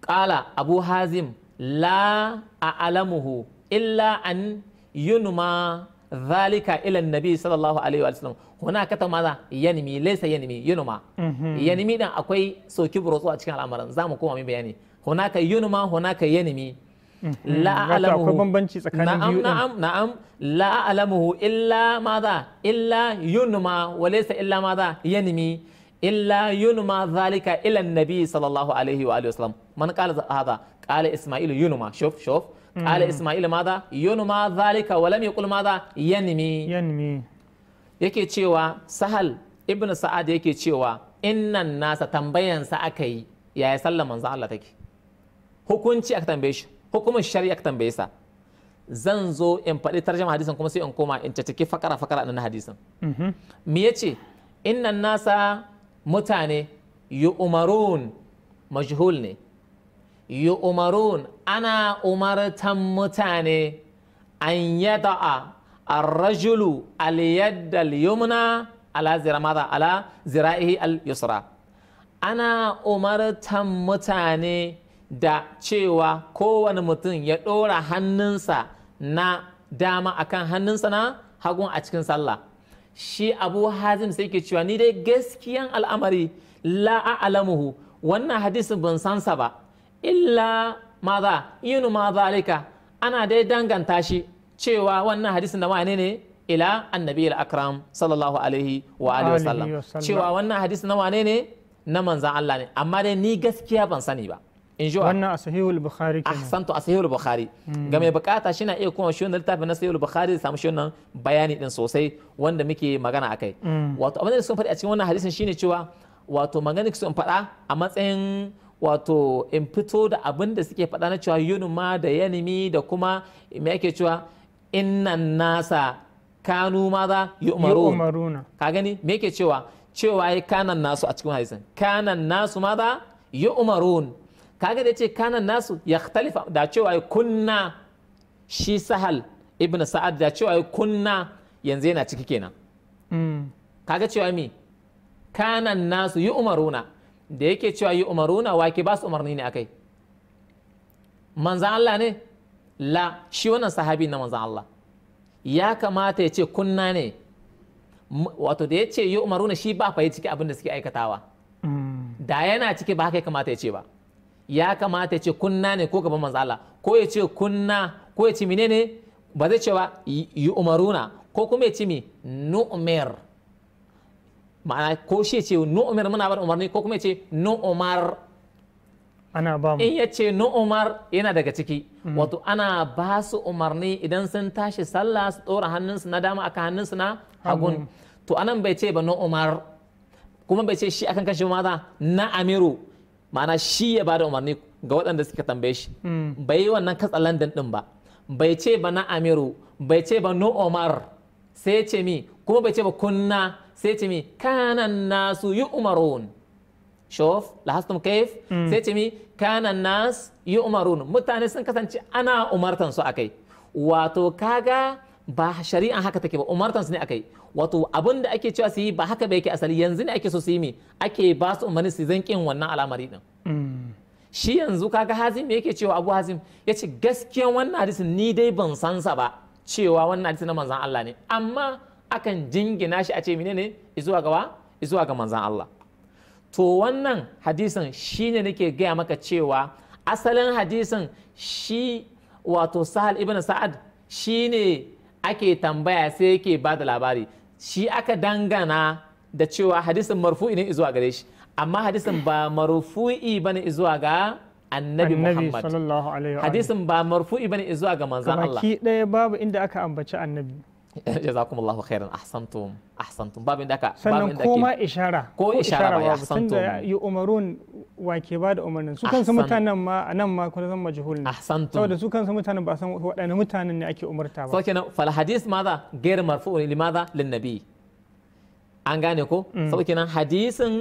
ƙala abu hazim la a alamuhu illa an yunuma zalika ilan nabi sallallahu alaihi wa sallam huna kata maza yanimi laisa yanimi yunuma mhm. yanimi akwai soki burotsu a cikin al'amarin zamu koma mai bayani hunaka yunuma hunaka yanimi mhm. la akwai bambanci tsakanin biyu na'am na'am la alamuhu illa maza illa yunuma wa laysa illa maza yanimi illa yunuma zalika ila nabi sallallahu alaihi wa alihi wasallam man qala hadha qala isma'il yunuma shuf shuf qala isma'il madha yunuma zalika wa lam yaqul madha yanmi yanmi yake cewa sahal ibnu sa'ad yake cewa innan nasa tambayansa aka yi yaya sallan manzo Allah take hukunci aka tambaye shi hukumin shari'a aka tambaye sa zan zo in faɗi tarjama hadisin kuma sai in koma in caccaki fakara fakara na hadisin me yace innan nasa mutane umarun majhul ne umarun ana umartan mutane an yada'a arrajulu اليد yumna ala ziramada ala zira'ihi al-yusra ana umartan mutane da cewa kowane mutum ya ɗora hannunsa na dama akan hannunsa na hagun a cikin sallah shi abu hazim sai ke cewa ni dai gaskiyan al'amari la a'lamuhu wannan hadisin ban sansa ba illa maza inu ma zalika ana dai danganta shi cewa wannan hadisin da wane ne ila annabi al-akram sallallahu alaihi wa alihi wasallam cewa wannan hadisi na wane ne na manzan Allah ne amma dai ni gaskiya ban sani ba in ji wannan a sahihul bukhari kenan ahsantu a sahihul bukhari ga bukata shi na iya kuma shi wannan littafin na sahihul bukhari da samu shi wannan bayani din sosai wanda muke magana akai wato abin da sun faɗi a cikin wannan hadisin shine cewa wato maganar sun faɗa a matsayin wato in fito da abin da suke faɗa na cewa yunuma da yanimi da kuma me ake cewa innan nasa kanu maza yu'maruna ka gani me yake cewa cewa ai kanan nasu a cikin hadisin kanan nasu maza yu'marun kaga da ce kanan nasu ya da cewa kunna shi sahal ibn sa'ad da cewa kunna yanzu yana ciki kenan mm. kaga cewa mi kanan nasu yi umaruna da yake cewa yi umaruna wake ba su umarni ne akai manzan Allah ne la shi wannan sahabi na manzan Allah ya kamata ya ce kunna ne wato da ya ce yi umaruna shi ba fa ciki abin da suke aikatawa mm. da yana ciki ba haka ya kamata ya ce ba ya kamata ya ce kunna ne ko gaban manzala ko ya ce kunna ko ya ce ne ba zai ce ba yi umaruna ko kuma ya ce mi nu'mir ma'ana ko shi ya ce nu'mir muna bar umarni ko kuma ya ce nu'mar ana ba mu in ya ce umar yana daga ciki mm. wato ana ba su umarni idan sun tashi sallah su dora hannunsu na dama aka hannunsu na hagun to anan bai ce ba no umar kuma bai ce shi akan kashi maza na amiru ma'ana shi ya ba da umarni ga waɗanda suka tambaye shi hmm. bai yi wannan london din ba bai ce ba na amiru bai ce ba no omar sai ce mi kuma bai ce ba kunna sai ce mi kanan nasu yi umarun shof lahastum kaif hmm. sai ce mi kanan nasu yi umarun mutane sun kasance ana umartansu a kai wato kaga ba shari'an haka take ba umartan su ne akai wato abin da ake cewa su yi ba haka ba yake asali yanzu ne ake so su yi mi ake ba su umarni su zan kin wannan al'amari din mm. shi yanzu kaga hazim yake cewa abu hazim ya ce gaskiyan wannan hadisi ni dai ban san sa ba cewa wannan hadisi na manzan Allah ne amma akan jingina shi a ce menene zuwa gawa zuwa ga manzan Allah to wannan hadisin shine nake gaya maka cewa asalin hadisin shi wato sahal ibn sa'ad shine ake tambaya sai yake ba da labari shi aka dangana da cewa hadisin marfu'i ne zuwa gare shi amma hadisin ba marfu'i ne zuwa ga annabi Muhammad hadisin ba marfu'i ne zuwa ga manzan Allah ɗaya babu inda aka ambaci annabi jazakumullahu khairan ahsantum ahsantum babu inda ka sannan ko ma ishara ko ishara ba ahsantum tunda yi umarun wa ke ba da umarnin su kansu mutanen ma nan ma kuma zan majhul ne ahsantum saboda su kansu mutanen ba san waɗanne mutanen ne ake umarta ba so kenan fal hadis maza gair marfu'un limaza lin nabi an gane ko mm. saboda kenan hadisin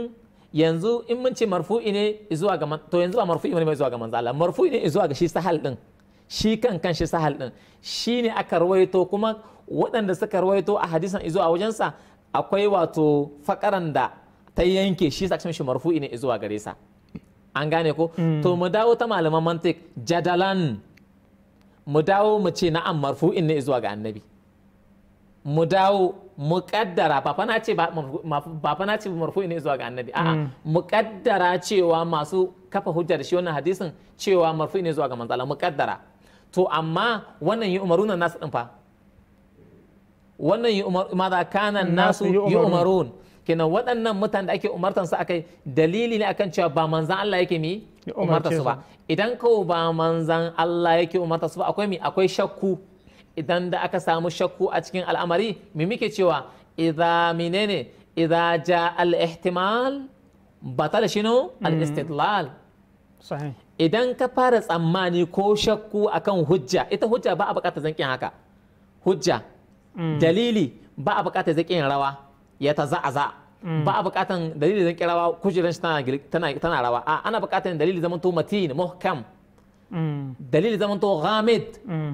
yanzu in mun ce marfu'i ne zuwa ga to yanzu ba marfu'i ne zuwa ga manzo Allah marfu'i ne zuwa ga shi sahal din shi kan kan shi sahal din shine aka rawaito kuma waɗanda suka rawaito a hadisan izo a wajensa akwai wato fakaran da ta yanke shi sakshin shi marfu ne izuwa gare sa an gane ko hmm. to mu dawo ta malaman mantik jadalan mu dawo mu ce na'am marfu ne izuwa ga annabi mu dawo mu kaddara ba fana ce marfu ne izuwa ga annabi a'a hmm. mu kaddara cewa masu kafa hujjar shi wannan hadisin cewa marfu ne zuwa ga manzala mu kaddara to amma wannan yi umaruna nasu din fa wannan yi umar madha kana nasu yi umarun kenan waɗannan mutan da ake umartansu akai dalili ne akan cewa ba manzan Allah yake mi umarta su ba idan kawo ba manzan Allah yake umarta ba akwai mi akwai shakku idan da aka samu shakku a cikin al'amari mi muke cewa idza menene idza ja al ihtimal batal shino mm. al istidlal idan ka fara tsammani ko shakku akan hujja ita hujja ba a bukatar zankin haka hujja Mm. dalili ba a bukatar zai yin rawa ya ta za a mm. za. ba a bukatar dalili zan rawa kujeran shi tana rawa a ana bukatar dalili zaman to matin muhkam mm. dalili zaman to ghamid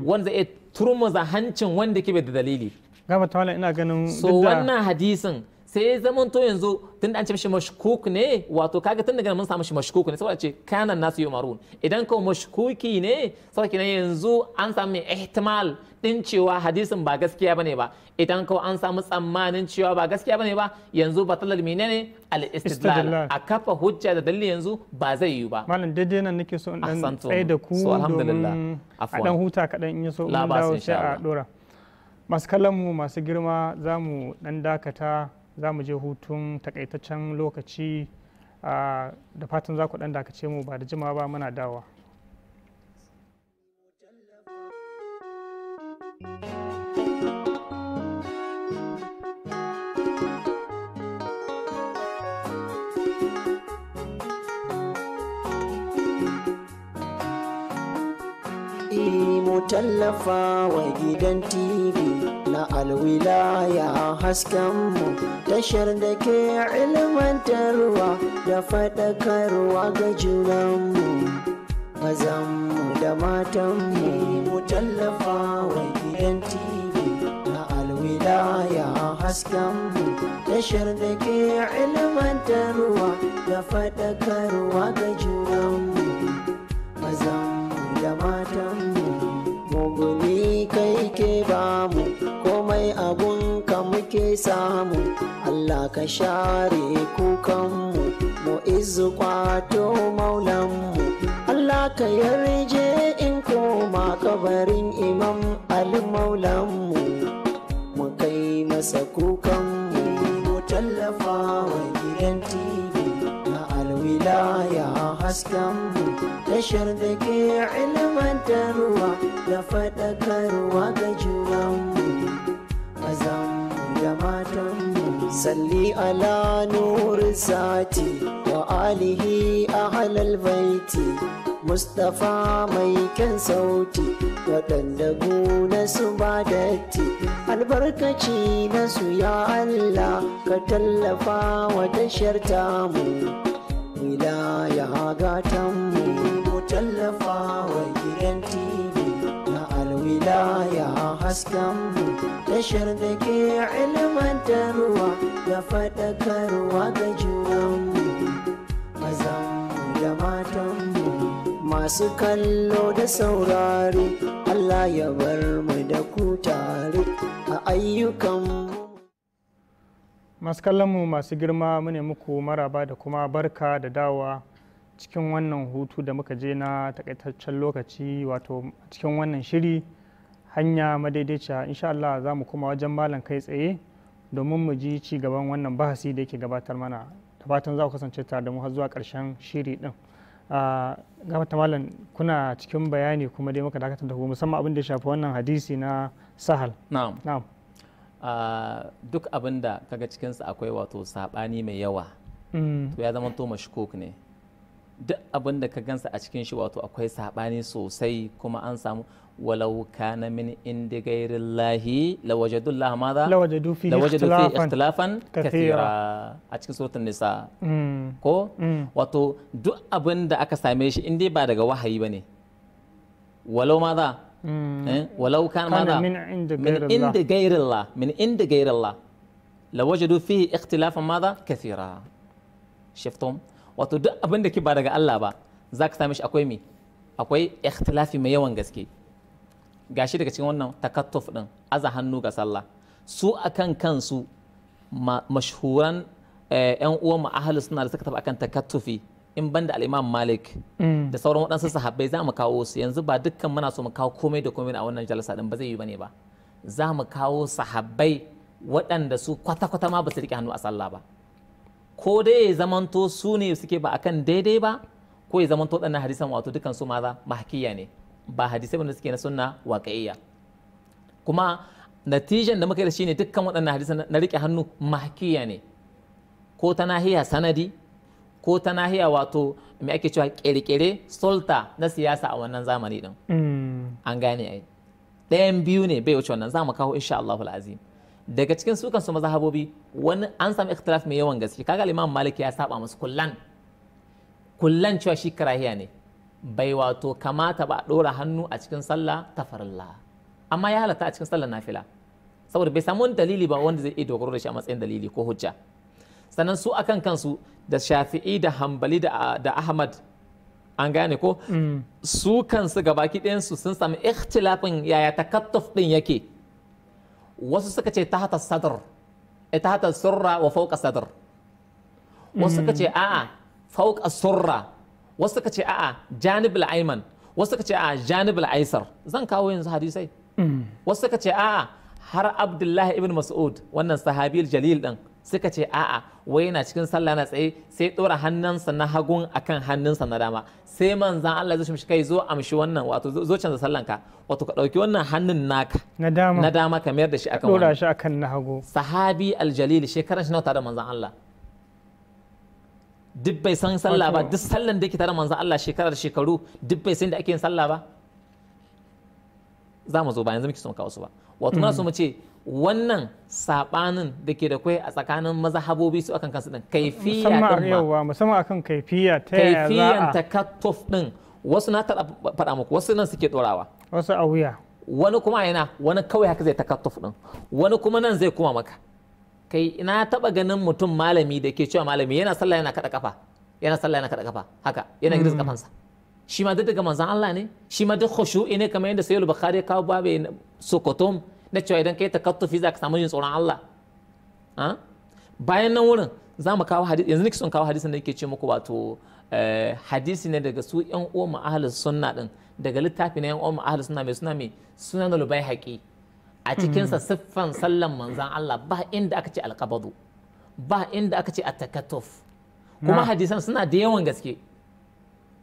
wanda zai turmuza hancin wanda ke da dalili gaba ta ina ganin so wannan hadisin sai zama to yanzu tun da an ce mashi mashkuk ne wato kaga tun daga mun samu shi mashkuk ne saboda ce kanan nasu yumarun idan kawo mashkuki ne saboda kina yanzu an samu ihtimal din cewa hadisin ba gaskiya bane ba idan an samu tsammanin cewa ba gaskiya bane ba yanzu batalar menene al istidlal a kafa hujja da dalili yanzu ba zai yi ba malam daidai nan nake so in dan tsaye da ku domin a dan huta kadan in yaso in dawo sai a dora masu kallon mu masu girma za mu dan dakata za mu je hutun takaitaccen lokaci da fatan za ku ɗan dakace mu ba da jima ba muna dawa. mu tallafa wa gidan TV na alwilaya haskenmu tashar da ke ilmantarwa da faɗakarwa ga junanmu mazanmu da matanmu mu tallafa wa gidan tv na alwilaya haskenmu tashar da ke ilmantarwa da faɗakarwa ga junanmu mazanmu da matanmu muguni kai ke ba mu. muke samu Allah ka share kukanmu mu izu kwato maulanmu Allah ka yarje in koma kabarin imam al maulanmu mu kai masa kukanmu mu tallafa wa gidan TV na alwilaya haskanmu. tashar da ke ilmantarwa da faɗakarwa ga junanmu. zama da matanmu salli ala nur sati wa alihi ahlal baiti Mustapha mai kan sauti waɗanda gona su ba datti albarkaci na su ya Allah ka tallafa wa tashar tamu wilaya gatanmu mu tallafa wa gidan wilaya hasken mu tashar da ke ilmantarwa da faɗakarwa ga junanmu mazanmu da matanmu masu kallo da saurari Allah ya bar mu da kutare a ayyukanmu masu kallonmu masu girma mune muku maraba da kuma barka da dawa cikin wannan hutu da muka je na takaitaccen lokaci wato cikin wannan shiri hanya madaidaiciya insha Allah za mu kuma wajen malam kai tsaye domin mu ji ci gaban wannan bahasi da yake gabatar mana da fatan za ku kasance tare da mu har zuwa ƙarshen shiri din ah, gabata malam kuna cikin bayani kuma dai muka dakatar da ku musamman abin da ya shafi wannan hadisi na sahal na'am na'am ah, duk abin da kaga cikinsa akwai wato sabani mai yawa mm. to ya zama to mashkuk ne duk abin da ka gansa a cikin shi wato akwai sabani sosai kuma an samu walau kana min indi ghairillahi lawajadu Allah madha lawajadu fi ikhtilafan kathira a cikin suratul nisa ko wato du abin da aka same shi in ba daga wahayi bane walau madha walau kana madha min indi ghairillah min indi ghairillah lawajadu fi ikhtilafan madha kathira shiftum wato duk abin da ba daga Allah ba zaka same shi akwai me akwai ikhtilafi mai yawan gaske gashi daga cikin wannan takattuf din aza hannu ga sallah su akan kansu mashhuran yan eh, uwan mu ahli suna da suka tafi akan takattufi in banda al-Imam Malik mm. da sauran waɗansu sahabbai za mu kawo su yanzu ba dukkan muna so mu kawo komai da komai a wannan jalsa din ba zai yi bane ba za mu kawo sahabbai waɗanda su kwata-kwata ma ba su riƙe hannu a sallah ba ko dai ya zamanto su ne suke ba akan daidai ba ko ya zamanto ɗannan hadisan wato dukkan su maza mahkiya ne ba hadisai wanda suke na sunna waƙa'iyya kuma natijan da muka yi da shine dukkan waɗannan hadisan na riƙe hannu mahakiya ne ko ta nahiya sanadi ko ta nahiya wato me ake cewa ƙirƙire sulta solta na siyasa a wannan zamani din mm. an gane ai ɗayan biyu ne bai wuce wannan za mu kawo insha Allahu azim daga cikin su kansu mazhabobi wani an samu ikhtilaf mai yawan gaske kaga Imam Malik ya saba musu kullan kullan cewa shi karahiya ne bai wato kamata ba a ɗora hannu a cikin sallah ta farilla amma ya halatta a cikin sallah fila. saboda bai samu wani dalili ba wanda zai iya dogaro da shi a matsayin dalili ko hujja sannan su akan kansu da shafi'i da hambali da ahmad an gane ko mm. su kansu gabaki ɗayansu sun sami ikhtilafin yaya ta takattuf ɗin yake wasu suka ce ta hata sadar eh, ta hata surra wa fauka sadar wasu suka mm. ce a'a fauka surra wasu suka ce a'a janibul ayman wasu suka ce a'a janibul aisar zan kawo yanzu hadisai wasu suka ce a'a har abdullahi ibn mas'ud wannan sahabil jalil din suka ce a'a wai yana cikin sallah na tsaye sai ɗora hannunsa na hagun akan hannunsa na dama sai manzan Allah zai shi kai zo amshi wannan wato zo canza sallan ka wato ka ɗauki wannan hannun naka na dama na dama ka mayar da shi akan wannan ɗora shi akan na hagu sahabi aljalil shekaran shi na tare da manzan Allah duk bai san sallah ba duk sallan da yake tare manzon Allah shekara da shekaru duk bai san da ake yin sallah ba za mu zo bayan yanzu ki son kawo su ba wato na so mu ce wannan sabanin da ke da kwai a tsakanin mazhabobi su akan kansu din kaifiya din ma musamman akan kaifiya ta yaya kaifiyan takattuf din wasu na ta faɗa muku wasu nan suke dorawa wasu a wuya wani kuma yana wani kawai haka zai takattuf din wani kuma nan zai kuma maka kai na taba ganin mutum malami da ke cewa malami yana sallah yana kada kafa yana sallah yana kada kafa haka yana girgiza kafansa mm. shi ma duk daga manzon Allah ne shi ma duk khushu'i ne kamar yadda sayyid bukhari ya kawo babu sokotom na cewa idan kai takattufi zaka samu yin tsoron Allah ah? bayan nan wurin za mu kawo hadisi yanzu nake son kawo hadisin da yake ce muku wato eh, hadisi ne daga su yan uwan mu ahlus sunna din daga littafi na yan uwan mu ahlus sunna mai suna mai sunan al bayhaqi a cikinsa mm. siffan sallan manzan Allah ba inda aka ce alkabadu ba inda aka ce atakatuf kuma hadisan suna da yawan gaske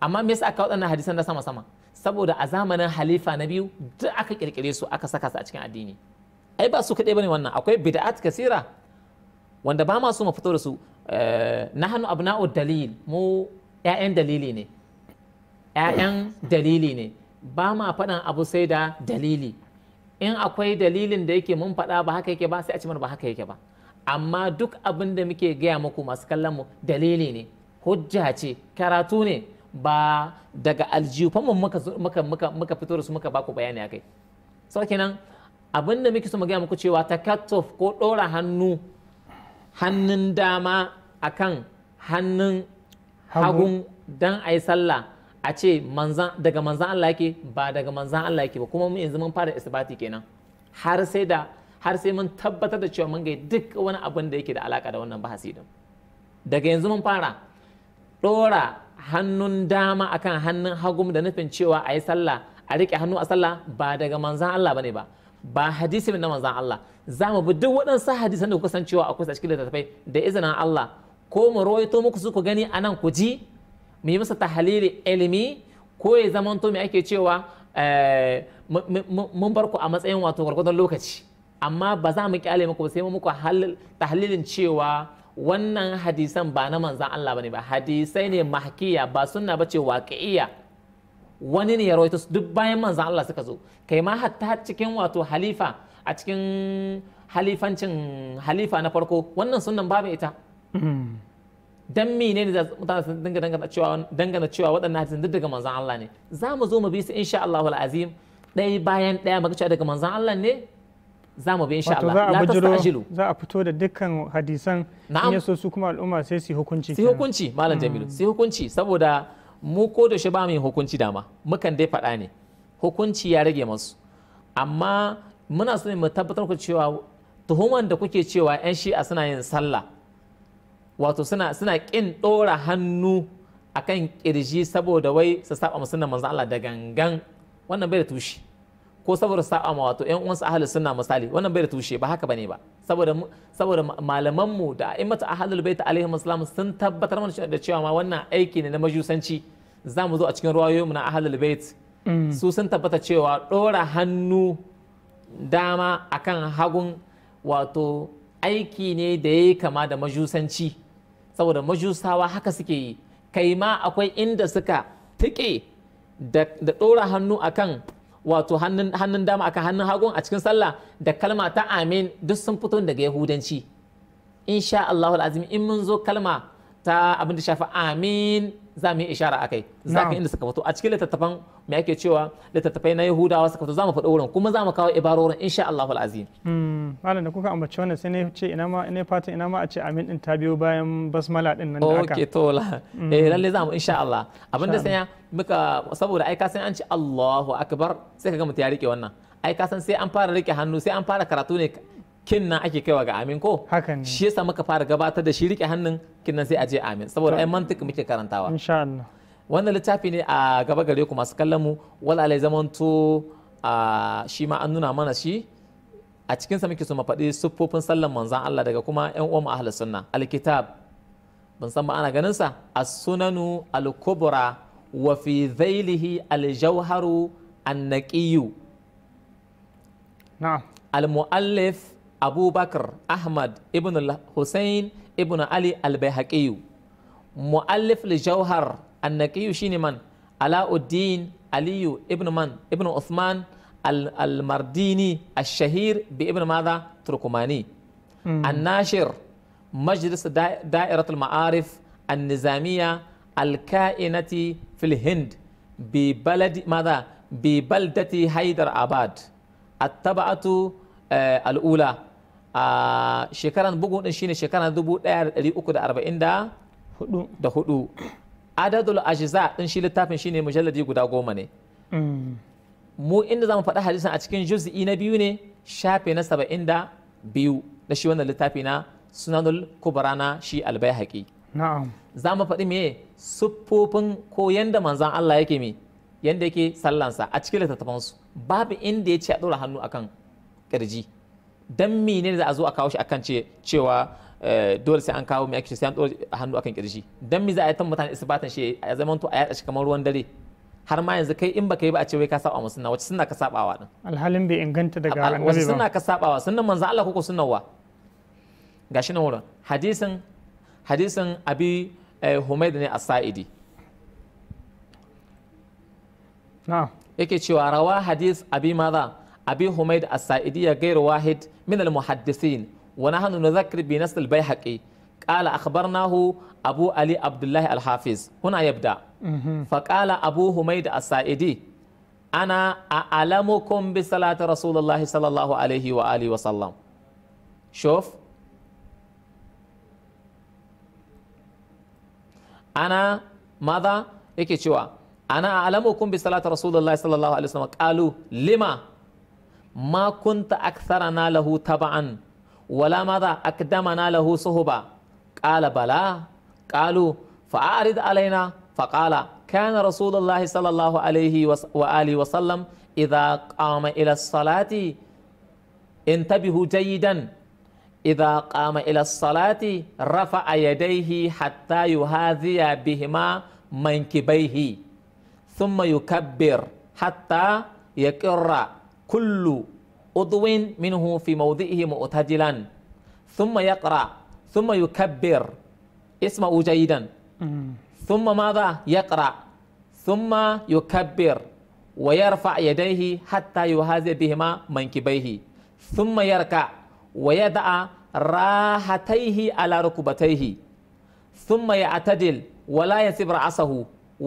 amma me yasa aka waɗannan hadisan na sama sama saboda a zamanin halifa na biyu duk aka kirkire su aka saka su a cikin addini ai ba su kaɗai bane wannan akwai bid'at kasira wanda ba ma su ma fito da su eh, nahnu abna'u dalil mu ƴaƴan dalili ne ƴaƴan dalili ne ba ma faɗan abu sai da dalili in akwai dalilin da yake mun faɗa ba haka yake ba sai a ci mana ba haka yake ba amma duk abin da muke gaya muku masu kallon mu dalili ne hujja ce karatu ne ba daga aljihu mu muka muka muka fito da su muka baku bayani akai so kenan abin da muke so mu gaya muku cewa ta takattuf ko dora hannu hannun dama akan hannun hagun dan a sallah a ce daga manzan Allah ke ba daga manzan Allah yake ba kuma mun yanzu mun fara isbati kenan har sai da har sai mun tabbatar da cewa mun ga duk wani abin da yake da alaka da wannan bahasi din daga yanzu mun fara dora hannun dama akan hannun hagu da nufin cewa a yi sallah a rike hannu a sallah ba daga manzan Allah bane ba ba hadisi na manzan Allah za mu bi duk waɗansu hadisan da kuka san cewa akwai a cikin littattafai da izinin Allah ko mu rawaito muku su ku gani anan ku ji mu yi masa tahalili ilimi ko ya zama to mai ake cewa eh, mun barku a matsayin wato gwargwadon lokaci amma ba za mu kyale muku sai mu muku tahalilin cewa wannan hadisan ba na manzan Allah bane ba hadisai ne mahkiya ba sunna bace waqi'iyya wani ne ya rawaito duk bayan manzan Allah suka zo kai ma hatta cikin wato halifa a cikin halifancin halifa na farko wannan sunan babu ita hmm. dan mene da mutane su dinga dangana cewa dangana cewa waɗannan hadisan duk daga manzon Allah ne za mu zo mu bi su insha Allah alazim ɗaya bayan ɗaya mu cewa daga manzon Allah ne za mu bi insha Allah la tastajilu za a fito da dukkan hadisan in yaso su kuma al'umma sai su hukunci su hukunci malam hmm. Jamilu su hukunci saboda mu ko da shi ba mu hukunci dama mukan dai faɗa ne hukunci ya rage masu amma muna so mu tabbatar ku cewa tuhuman da kuke cewa 'yan shi'a suna yin sallah wato suna suna kin dora hannu akan kirji saboda wai su saba musulman manzo Allah da gangan wannan bai da tushe ko saboda saba ma wato ƴan uwansu ahlus sunna misali wannan bai da tushe ba haka bane ba saboda saboda malaman mu da a'immatu ahlul bait alaihi wasallam sun tabbatar mana da cewa ma wannan aiki ne na majusanci za mu zo a cikin mu na ahlul bait mm. su sun tabbata cewa dora hannu dama akan hagun wato aiki ne da ya yi kama da majusanci saboda majusawa haka suke yi kai ma akwai inda suka tike da ɗora hannu akan wato hannun dama akan hannun hagun a cikin sallah da kalma ta amin duk sun fito daga yahudanci insha Allahu azim in mun zo kalma ta abin da shafi amin za mu yi ishara a kai za ka inda suka fito a cikin littattafan me ake cewa littattafai na yahudawa suka fito za mu faɗi wurin kuma za mu kawo ibarorin insha Allahu al'azim. Hmm, malam da kuka ambaci wannan sai ne ce ina ma ina fata ina ma a ce amin din ta biyo bayan basmala din nan da aka. okay to la hmm. eh lalle za mu insha Allah abinda sai ya muka saboda ai ka san an ce Allahu akbar sai ka ga mutum ya rike wannan ai ka san sai an fara rike hannu sai an fara karatu ne kin nan ake kaiwa ga amin ko haka ne shi yasa muka fara gabatar da shi rike hannun kin nan sai a je amin saboda ai mantiki muke karantawa insha Allah wannan littafi ne a gaba gare ku masu kallon mu wala alai zamanto a shi ma an nuna mana shi a cikin sa muke so mu faɗi siffofin sallan manzon Allah daga kuma ƴan uwan ahlus sunna alkitab ban san ba ana ganin sa as-sunanu al-kubra wa fi dhailihi al-jawharu an-naqiyyu na'am al-muallif abu bakar ahmad ibn hussein ibn ali al-bayhaqiyu mu'allif al-jawhar annaqiyu shine man alauddin aliyu ibn man ibn uthman al-mardini al-shahir bi ibn madha turkumani الناشر مجلس دائرة المعارف النظامية الكائنة في الهند ببلد ماذا ببلدة هيدر آباد الطبعة الأولى a shekaran bugun din shine shekaran 1344 adadul ajza din shi littafin shine mujalladi guda goma ne mm. mu inda zamu faɗi hadisin a cikin juz'i na biyu ne shafe na 72 da shi wannan littafi na sunanul kubra na shi albayhaqi na'am zamu faɗi me siffofin ko yanda manzon Allah yake me yanda yake sallansa a cikin littattafansu babu inda ya ce a ɗora hannu akan kirji dan menene za a zo a kawo shi akan ce cewa eh, dole sai an kawo mai ake sai an dole hannu akan kirji dan me za a yi ta mutane isbatan shi a zaman to a yaɗa shi kamar ruwan dare har ma yanzu kai in baka yi ba a ce wai ka saba musu sunna wace sunna ka sabawa din alhalin bai inganta daga annabi ba wace sunna ka sabawa sunnan manzo Allah ko ko sunnan wa gashi nan wurin hadisin hadisin abi eh, humaid ne as-sa'idi na'am yake cewa rawa hadis abi madha أبي حميد السائدية غير واحد من المحدثين ونحن نذكر بنص البيهقي قال أخبرناه أبو علي عبد الله الحافظ هنا يبدأ فقال أبو حميد السائدي أنا أعلمكم بصلاة رسول الله صلى الله عليه وآله وسلم شوف أنا ماذا يكي أنا أعلمكم بصلاة رسول الله صلى الله عليه وسلم قالوا لما ma kunta aktharana lahu taba'an wala madha akdamana lahu suhuba qala bala qalu fa'arid alaina faqala kana rasulullahi sallallahu alaihi wa alihi wa sallam idza ila salati intabihu jayidan idza qama ila salati rafa'a yadaihi hatta yuhadhiya bihima mankibaihi thumma yukabbir hatta yaqirra kullu udwin minhu fi mawdihi mu'tajilan thumma yaqra thumma yukabbir isma'u jayyidan thumma madha yaqra thumma yukabbir wa yarfa yadayhi hatta yuhazi bihima mankibaihi thumma yarka wa yada'a rahataihi ala rukubataihi thumma ya'tadil wa la yasib ra'sahu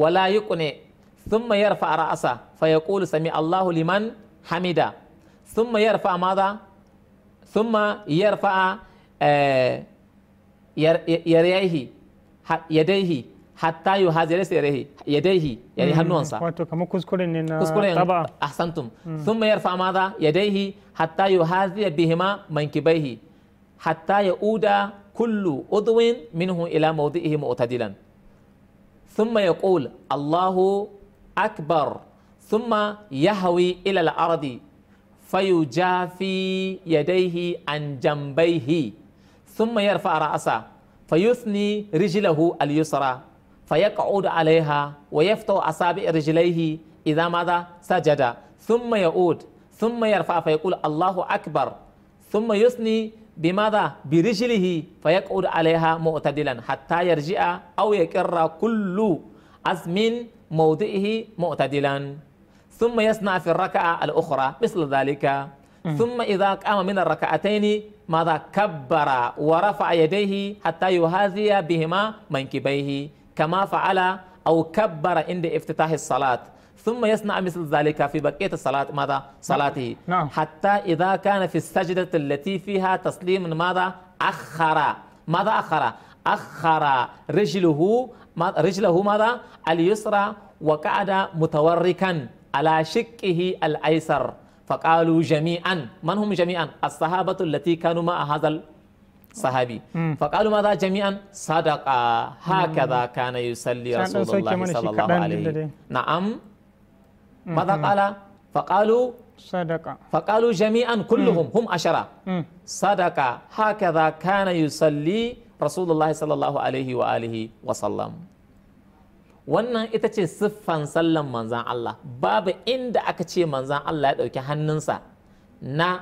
wa la yuqni thumma yarfa ra'sa fa yaqulu sami Allahu liman hamida summa yarfa maza summa yarfa yarayhi yadaihi hatta yu hazira sayrihi yadaihi yani hannuwansa wato kamar kuskuren ne na taba ahsantum thumma yarfa maza yadaihi hatta yu hazira bihima mankibaihi hatta yauda kullu udwin minhu ila mawdihi mu'tadilan thumma yaqul allahu akbar thumma yahwi ila al-ardi fayujafi yadaihi an jambaihi thumma yarfa ra'asa fayuthni rijlahu al-yusra fayaq'udu alaiha wa yaftahu asabi rijlaihi idza sajada suma ya'ud thumma yarfa fayaqul Allahu akbar thumma yuthni بماذا برجله فيقعد عليها معتدلا حتى يرجع أو يقر كل عزم موضعه معتدلا ثم يصنع في الركعة الأخرى مثل ذلك ثم إذا قام من الركعتين ماذا كبر ورفع يديه حتى يهازي بهما منكبيه كما فعل أو كبر عند افتتاح الصلاة ثم يصنع مثل ذلك في بقية الصلاة ماذا صلاته نعم. نعم. حتى إذا كان في السجدة التي فيها تسليم ماذا أخر ماذا أخر أخر رجله رجله ماذا اليسرى وقعد متوركا ala shiqqihi al-aisar faƙalu jami'an manhum jami'an as-sahabatu allati kanu ma'a hazal sahabi faƙalu maza jami'an sadaqa hakaza kana yusalli rasulullahi sallallahu alaihi na'am maza qala faƙalu صدقة فقالوا جميعا كلهم هم عشرة صدقة هكذا كان يصلي رسول الله صلى الله عليه وآله وسلم wannan ita ce siffan sallan manzan Allah babu inda aka ce manzan Allah ya ɗauki hannunsa na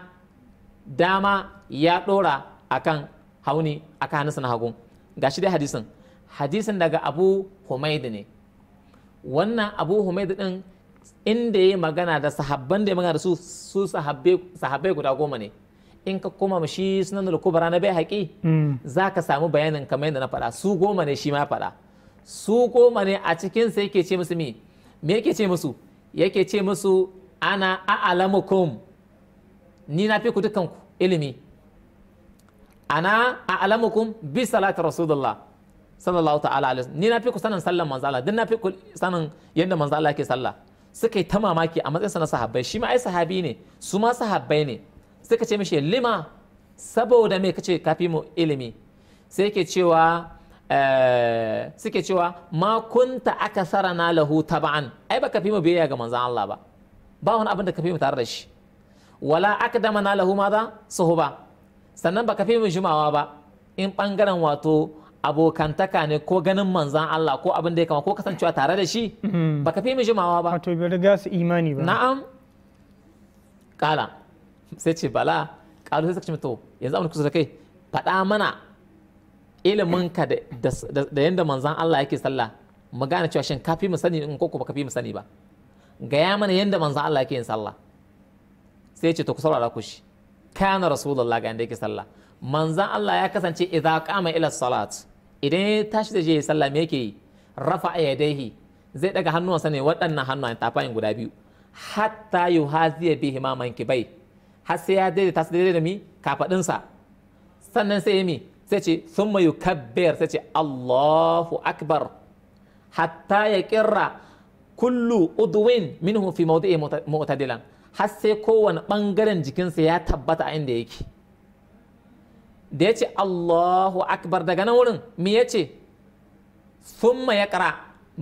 dama ya ɗora kan hauni kan hannunsa na hagu Ga shi dai hadisin hadisin daga abu humaidu ne wannan abu humaidu ɗin inda ya magana da sahabban da ya magana da su su sahabbai guda goma ne in ka koma shi sunan da kubra na bai haƙi hmm. za ka samu bayanin kamar yadda na faɗa su goma ne shi ma faɗa su ko ne a cikinsa yake ce musu me me yake ce musu yake ce musu ana a'lamukum ni na fi ku dukanku ilimi ana a'lamukum bi salati rasulullah sallallahu ta'ala alaihi ni na fi ku sanin sallan manzo Allah din na fi ku sanin yadda manzo Allah yake sallah suka yi ta mamaki a matsayinsa na sahabbai shi ma ai sahabi ne su ma sahabbai ne suka ce mishi lima saboda me kace kafi mu ilimi sai yake cewa Eh, suke cewa ma kunta aka na lahu taba'an ai baka fi mu biyayya ga manzon Allah ba ba wani abin da ka fi mu tare da shi wala dama na lahu maza suhuba sannan baka fi mu jimawa ba in bangaren wato abokantaka ne ko ganin manzan Allah ko abin da ya kama ko kasancewa tare da shi mhm. baka fi mu jimawa ba wato bai riga su imani ba na'am kala sai ce bala kalu sai suka ce to yanzu abin kusa da kai faɗa mana iliminka da yadda manzan Allah yake sallah mu gane cewa shin kafi mu sani in koko baka fi mu sani ba gaya mana yadda manzan Allah yake yin sallah sai ya ce to ku saurara ku shi kana rasulullah ga yadda yake sallah manzan Allah ya kasance idza qama ila salat idan ya tashi da je ya sallah me yake yi rafa yadaihi zai daga hannuwansa ne waɗannan hannuwan tafayin guda biyu hatta yuhaziya bihi ma mankibai har sai ya daidaita su daidai da mi kafadinsa sannan sai ya mi sai ce sun mai kabbiyar sai ce Allahu akbar hatta ya kirra kullu udwin minhu fi mawdi'i mu'tadilan har sai kowane bangaren jikinsa ya tabbata a inda yake da ya ce Allahu akbar daga nan wurin mi ya ce summa ya kara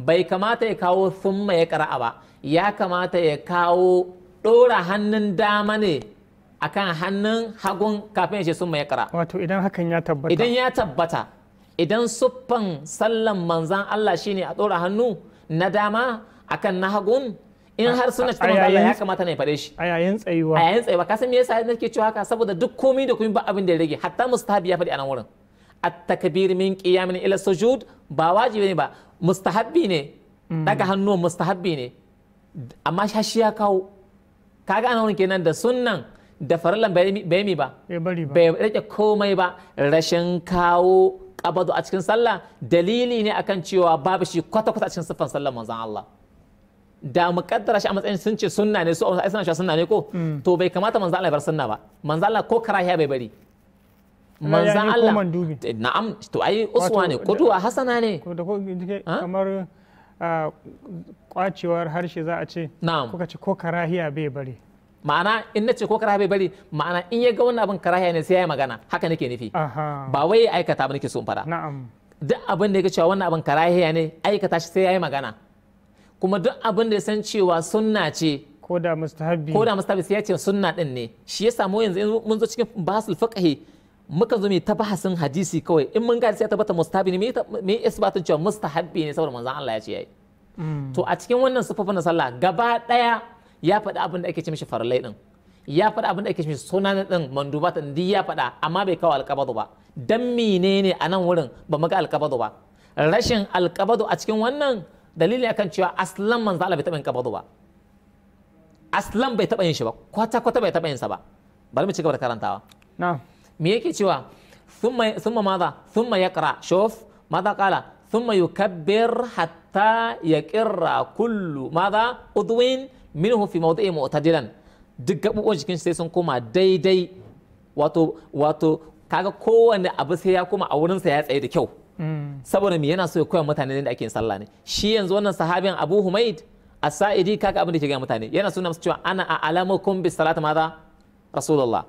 bai kamata ya kawo summa ya kara ba ya kamata ya kawo ɗora hannun dama ne akan hannun hagun kafin ya ce sun mai kara wato idan hakan ya tabbata idan ya tabbata idan suffan sallan manzan Allah shine a ɗora hannu na dama akan na hagun in har suna cikin manzan Allah ya kamata na faɗe shi a yayin tsayuwa a yayin tsayuwa kasan me yasa nake cewa haka saboda duk komai da komai ba abin da ya rage hatta mustahabi ya faɗi a nan wurin at-takbir min qiyamin ila sujud ba wajibi ne ba mustahabbi ne mm. daga hannu mustahabbi ne amma shashi ya kawo kaga anan kenan da sunnan da farallan bai mi ba bai rike komai ba rashin kawo kabadu a cikin sallah dalili ne akan cewa babu shi kwata-kwata a cikin siffan sallah manzon Allah da mu kaddara shi a matsayin sun ce sunna ne su a wasu suna sunna ne ko hmm. to bai kamata manzon Allah ya bar sunna ba manzon Allah ko karahiya bai bari manzon Allah eh, na'am to ai uswa ne kuduwa hasana ne kamar ah, kwacewar harshe za a ce kuka ce ko karahiya bai bari ma'ana in na ce ko karaha bai bari ma'ana in ya ga wannan abin karaha ne sai ya yi magana haka nake nufi ba wai ya aikata ba nake so fara duk abin da ya cewa wannan abin karaha ne aikata shi sai ya yi magana kuma duk abin da ya san cewa sunna ce ko da mustahabi ko da mustahabi sai ya ce sunna din ne shi ya samu yanzu mun zo cikin basul fiqhi muka zo mai ta bahasin hadisi kawai in mun gane sai ya tabbata mustahabi ne me ya isbatun cewa mustahabi ne saboda manzon Allah ya ce yayi mm. to a cikin wannan sufafin sallah gaba daya ya faɗi abin da ake ce mishi farallai din ya faɗi abin da ake mishi sunan manduba ta ɗin ya faɗa amma bai kawo alƙabadu ba dan ne a nan wurin ba mu ga alƙabadu ba rashin alƙabadu a cikin wannan dalili akan cewa aslan manzo Allah bai taɓa yin ƙabadu ba aslan bai taɓa yin shi ba kwata kwata bai taɓa yin sa ba bari mu ci gaba da karantawa na'am me yake cewa thumma thumma madha thumma yaqra shuf madha qala thumma yukabbir hatta yaqirra kullu madha udwin minhu fi mawdi'i mu'tadilan duk gabubuwan jikin sai sun koma daidai wato wato kaga kowanne abu sai ya koma a wurin sa ya tsaye da kyau saboda me yana so ya koya mutane da ake yin sallah ne shi yanzu wannan sahabin Abu Humaid as-Sa'idi kaga abin da ke ga mutane yana suna musu cewa ana a alamukum bis salati maza rasulullah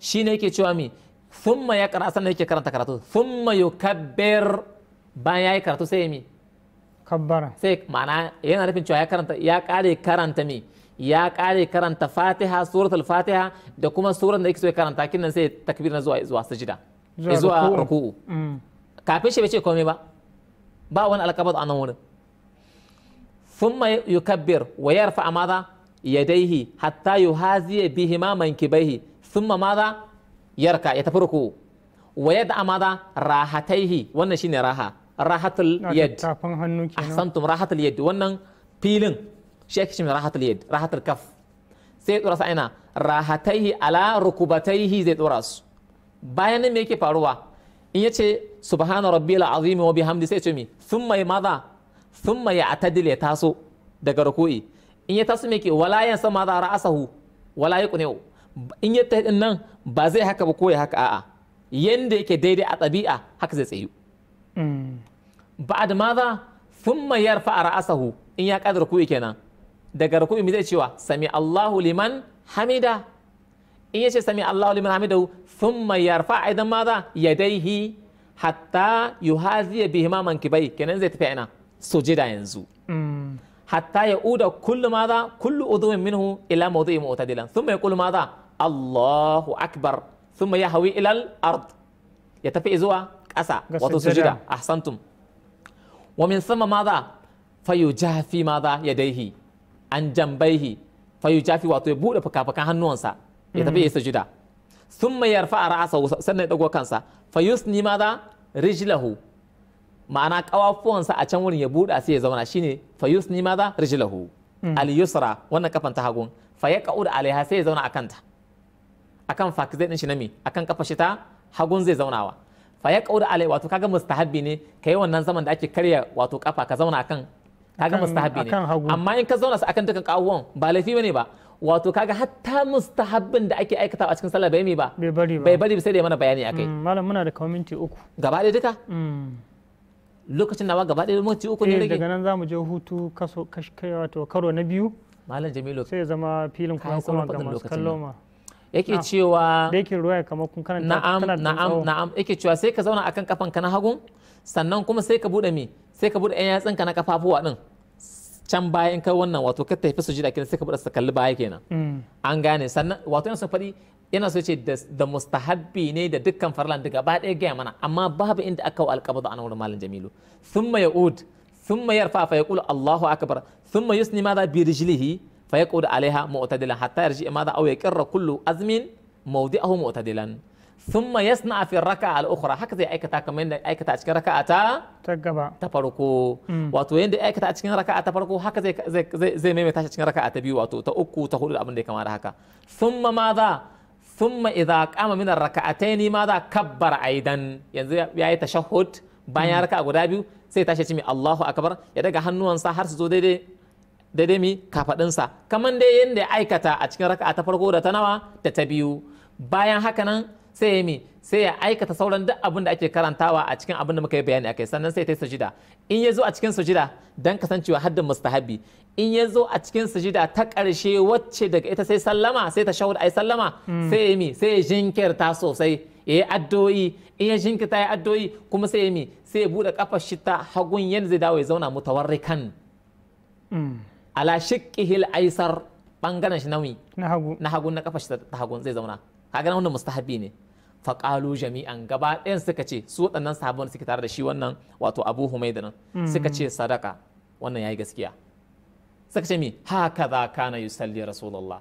shi ne yake cewa mi thumma ya sannan yake karanta karatu thumma yukabbir bayan yayi karatu sai ya mi kabbara sai ma'ana yana nufin cewa ya karanta ya kare karanta me ya kare karanta fatiha suratul fatiha da kuma suran da yake so ya karanta kin nan sai takbir na zuwa zuwa sajida zuwa ruku'u mm. kafin shi bai ce komai ba ba wani alkabar a nan wurin thumma yukabbir wa yarfa maza yadaihi hatta yuhaziya bihima mankibaihi thumma maza yarka ya tafi ruku'u wa yad'a maza rahataihi wannan shine raha rahatul yad tafin hannu kenan ahsantum rahatul yad wannan filin shi ake cewa rahatul yad rahatul kaf sai ya dora su aina rahataihi ala rukubataihi zai dora su bayan nan me yake faruwa in yace subhana rabbil azim wa bihamdi sai ce mi thumma madha thumma ya atadil ya taso daga ruku'i in ya taso me ke wala yansa madha ra'asahu wala yaqni in ya tahi nan ba zai haka ba ko ya haka a'a yanda yake daidai a ɗabi'a haka zai tsayu ba'ad maza thumma yarfa a in ya kadar ku kenan daga ruku'i me zai cewa sami Allahu liman hamida in yace sami Allahu liman hamidahu thumma yarfa aidan maza yadaihi hatta yuhaziya bihima mankibai kenan zai tafi ina sujida yanzu hatta ya uda kullu maza kullu udhuwin minhu ila mawdi'i mu'tadilan thumma yaqulu maza Allahu akbar thumma yahwi ila al-ard ya tafi zuwa wa min sama maza fayujafi maza yadaihi an jambaihi fayujafi wato ya bude fuka-fukan hannuwansa ya tafi ya sun thumma yarfa a ra'asa sannan ya dago kansa fayusni maza rijlahu ma'ana kawafuwansa a can wurin ya bude sai ya zauna shine fayusni maza rijlahu al yusra wannan kafan ta hagun fayaqud alaiha sai ya zauna akanta akan fakizai ɗin shi na mi akan kafa shi ta hagun zai zaunawa fa ya kaura alai wato kaga mustahabbi ne kai wannan zaman da ake karya wato kafa ka zauna akan kaga mustahabbi ne amma in ka zauna su akan dukan kawon ba laifi bane ba wato kaga hatta mustahabbin da ake aikata a cikin sallah bai mi ba bai bari ba bai bari sai da mana bayani akai malam muna da community uku gaba da duka lokacin nawa gaba da minti uku ne rage daga nan zamu je hutu kaso kashkai wato karo na biyu malam jamilu sai ya zama filin kuma kuma ga masu kallon ma yake cewa da yake ruwa kun karanta na'am na'am na'am yake cewa sai ka zauna akan ka na hagun sannan kuma sai ka bude me sai ka bude yan ka na kafafuwa din can bayan kai wannan wato ka tafi su jira kenan sai ka bude su kalli baya kenan mm. an gane sannan wato yana so faɗi yana so ce da mustahabbi ne da dukkan farlan da gaba ɗaya gaya mana amma babu inda aka wa alƙabadu ana wurin malam jamilu thumma ya'ud thumma yarfa fa yaqulu Allahu akbar thumma yusni madha bi rijlihi fa yaqudu alaiha mu'tadilan hatta yarji madha aw yaqirra kullu azmin mawdi'ahu mu'tadilan thumma yasna fi raka'a al a haka zai aikata kamar yadda aikata a cikin raka'a ta ta wato yadda aikata a cikin raka'a ta farko haka zai maimaita shi cikin raka'a ta biyu wato ta uku ta hudu abin da ya kama da haka thumma madha thumma idza qama min ar-raka'ataini madha yanzu yayi tashahhud bayan raka'a guda biyu sai tashi ya ce Allahu akabar ya daga hannuwansa har su zo daidai daidai mi kafaɗinsa kamar dai yadda ya aikata a cikin raka'a ta farko da ta nawa da ta biyu bayan haka nan sai ya mi sai ya aikata sauran duk abin da ake karantawa a cikin abin da muka yi bayani kai sannan sai ta yi sujida in ya zo a cikin sujida dan kasancewa haddin mustahabi in ya zo a cikin sujida ta ƙarshe wacce daga ita sai sallama sai ta shahud ai sallama hmm. sai ya mi sai ya jinkirta sosai ya yi addo'i in ya jinkirta ya addo'i kuma sai ya mi sai ya buɗe kafar shi ta hagun yadda zai dawo ya zauna mutawarrikan hmm. ala shiqqihil aisar bangaren shi nauyi na hagu na hagu na kafa shi ta hagu zai zauna kaga wannan mustahabi ne faƙalu jami'an gaba ɗayan suka ce su waɗannan sahabban suke tare da shi wannan wato abu humaida nan hmm. suka ce sadaka wannan yayi gaskiya suka ce mi haka za kana yusalli rasulullah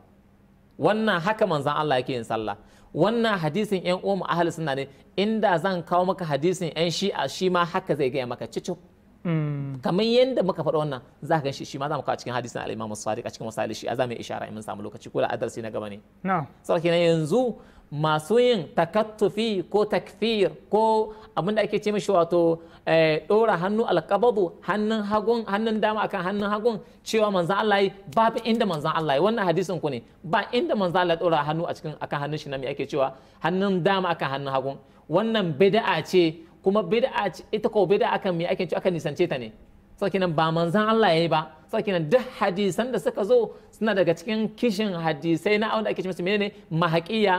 wannan haka manzan Allah yake yin sallah wannan hadisin yan uwan ahli sunna ne inda zan kawo maka hadisin yan shi'a shi ma haka zai gaya maka cicip Mm. kamar yadda muka faɗa wannan za ka ganshi shi ma za mu kawo cikin hadisi na alimamu Sadiq a cikin misali shi za mu ishara in mun samu lokaci ko da adalci na gaba ne sarki na yanzu masu yin takattufi ko takfir ko abin da ake ce mishi wato eh, ɗora hannu alkabadu hannun hagun hannun dama akan hannun hagun cewa manzan Allah yi babu inda manzan Allah yi wannan hadisin ku ne ba inda manzan Allah ɗora hannu a cikin akan hannun shi na me ake cewa hannun dama akan hannun hagun wannan bid'a ce kuma bid'a ita ko bid'a akan me ake ci akan nisance ta ne nan ba manzan Allah yayi ba nan duk hadisan da suka zo suna daga cikin kishin hadisai na auna ake ci musu menene mahaqiya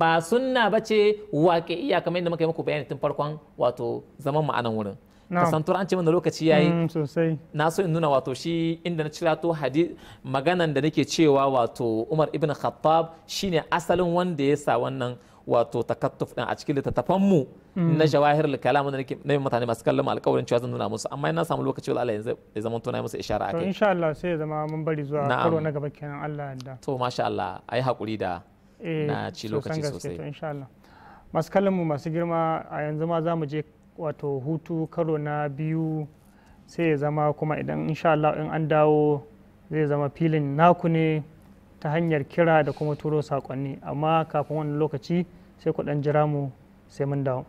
ba sunna bace waqi'iya kamar yadda muka yi muku bayani tun farkon wato zaman mu anan wurin kasantuwar an ce mana lokaci yayi mm, sosai na so in nuna wato shi inda na to hadi maganan da nake cewa wato umar ibn khattab shine asalin wanda ya sa wannan wato takattuf din a cikin littattafan mu hmm. na jawahir kalam da nake nayi mutane masu kallon alƙawarin cewa zan nuna musu amma ina samu lokaci wala yanzu ya zama to musu ishara akai to insha Allah sai ya zama mun bari zuwa karo na gaba kenan Allah yarda to masha Allah ai hakuri da eh, na ci lokaci sosai to insha Allah masu kallon mu masu girma a yanzu ma zamu je wato hutu karo na biyu sai ya zama kuma idan insha Allah in an dawo zai zama filin naku ne ta hanyar kira da kuma turo saƙonni amma kafin wani lokaci sai ku ɗan jira mu sai mun dawo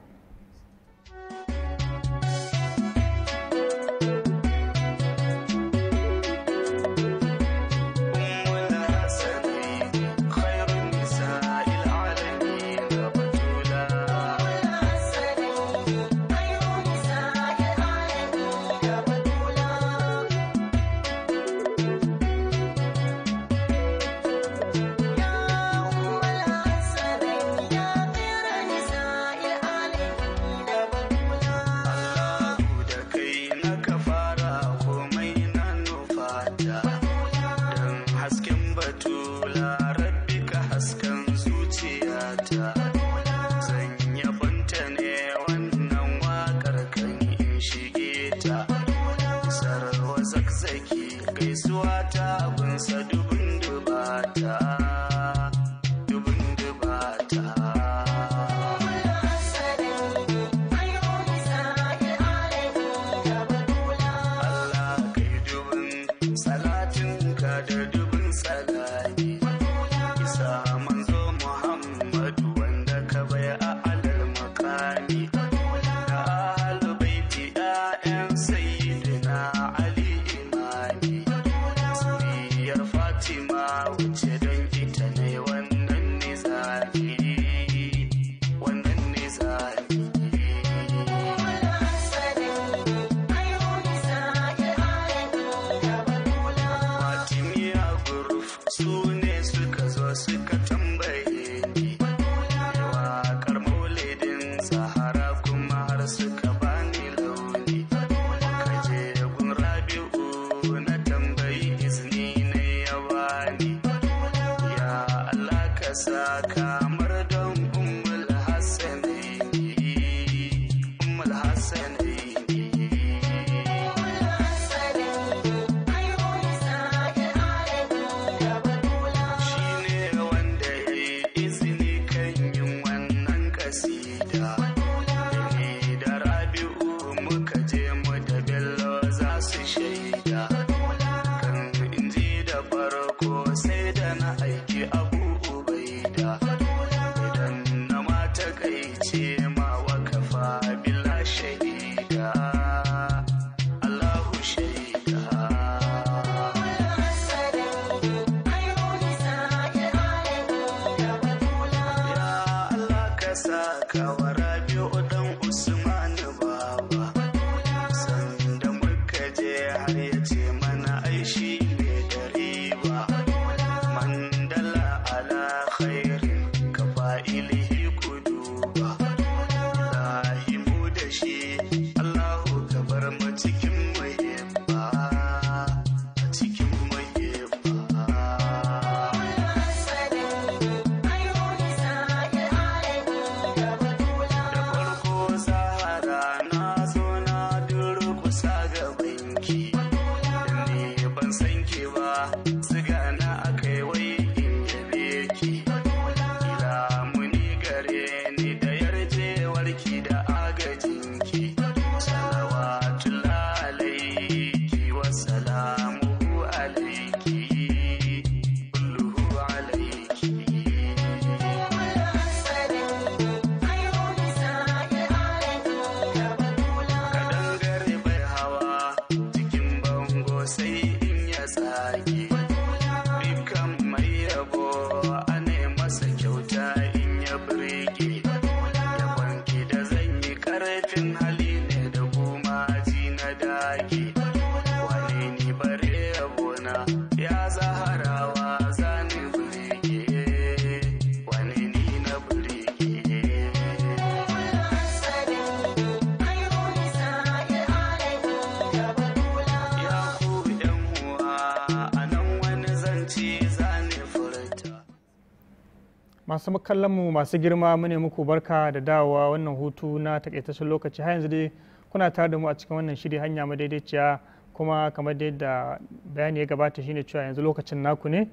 masu mu masu girma mune muku barka da dawowa wannan hutu na takaitaccen lokaci har yanzu dai kuna tare da mu a cikin wannan shiri hanya madaidaiciya kuma kamar dai da bayani ya gabata shine cewa yanzu lokacin naku ne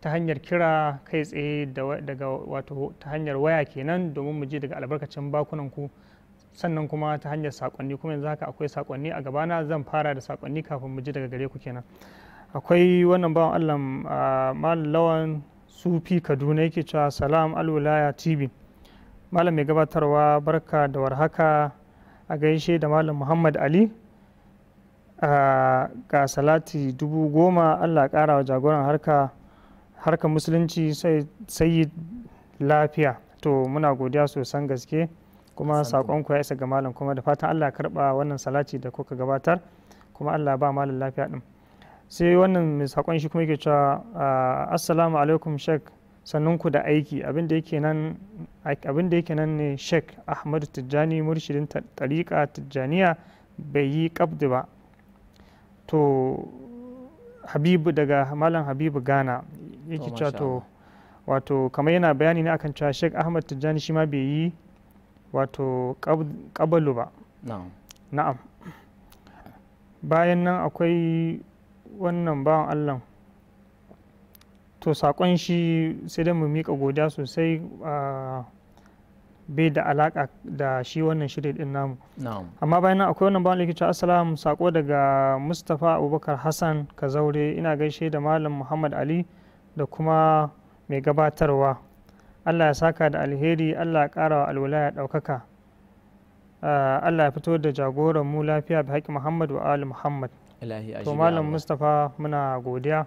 ta hanyar kira kai tsaye daga wato ta hanyar waya kenan domin mu ji daga albarkacin bakunan ku sannan kuma ta hanyar sakonni kuma yanzu haka akwai sakonni a gabana zan fara da sakonni kafin mu ji daga gare ku kenan akwai wannan bawan Allah ah, malam sufi kaduna yake cewa salam alwilaya tv malam mai gabatarwa barka da warhaka a gaishe da malam muhammad ali ga salati dubu goma allah kara wa jagoran harka musulunci sai lafiya to muna godiya sosan gaske kuma saƙonku ya isa ga malam kuma da fatan allah karɓa wannan salati da kuka gabatar kuma allah ba malam lafiya ɗin sai wannan mai sakon shi kuma yake cewa ah, assalamu alaikum shek sannan ku da aiki abin da yake nan ne shek ahmadu tijjani murshidin tariƙa tijjaniya bai yi kabdi ba to habibu daga malam habibu ghana yake cewa to wato kamar yana bayani ne akan cewa shek ahmadu tijjani shi ma bai yi wato kabalu ba na'am bayan nan akwai wannan ba allah to saƙon shi sai dai mu miƙa godiya sosai bai da alaƙa da shi wannan shirin din namu amma bayan nan akwai wannan bawan likita assalam saƙo daga mustapha abubakar hassan kazaure ina gaishe da malam muhammad ali da kuma mai gabatarwa allah ya saka da alheri allah ya ƙara wa alwala ya ɗaukaka allah ya fito da jagoran mu lafiya bi haƙi muhammad wa ali muhammad to malam mustapha muna godiya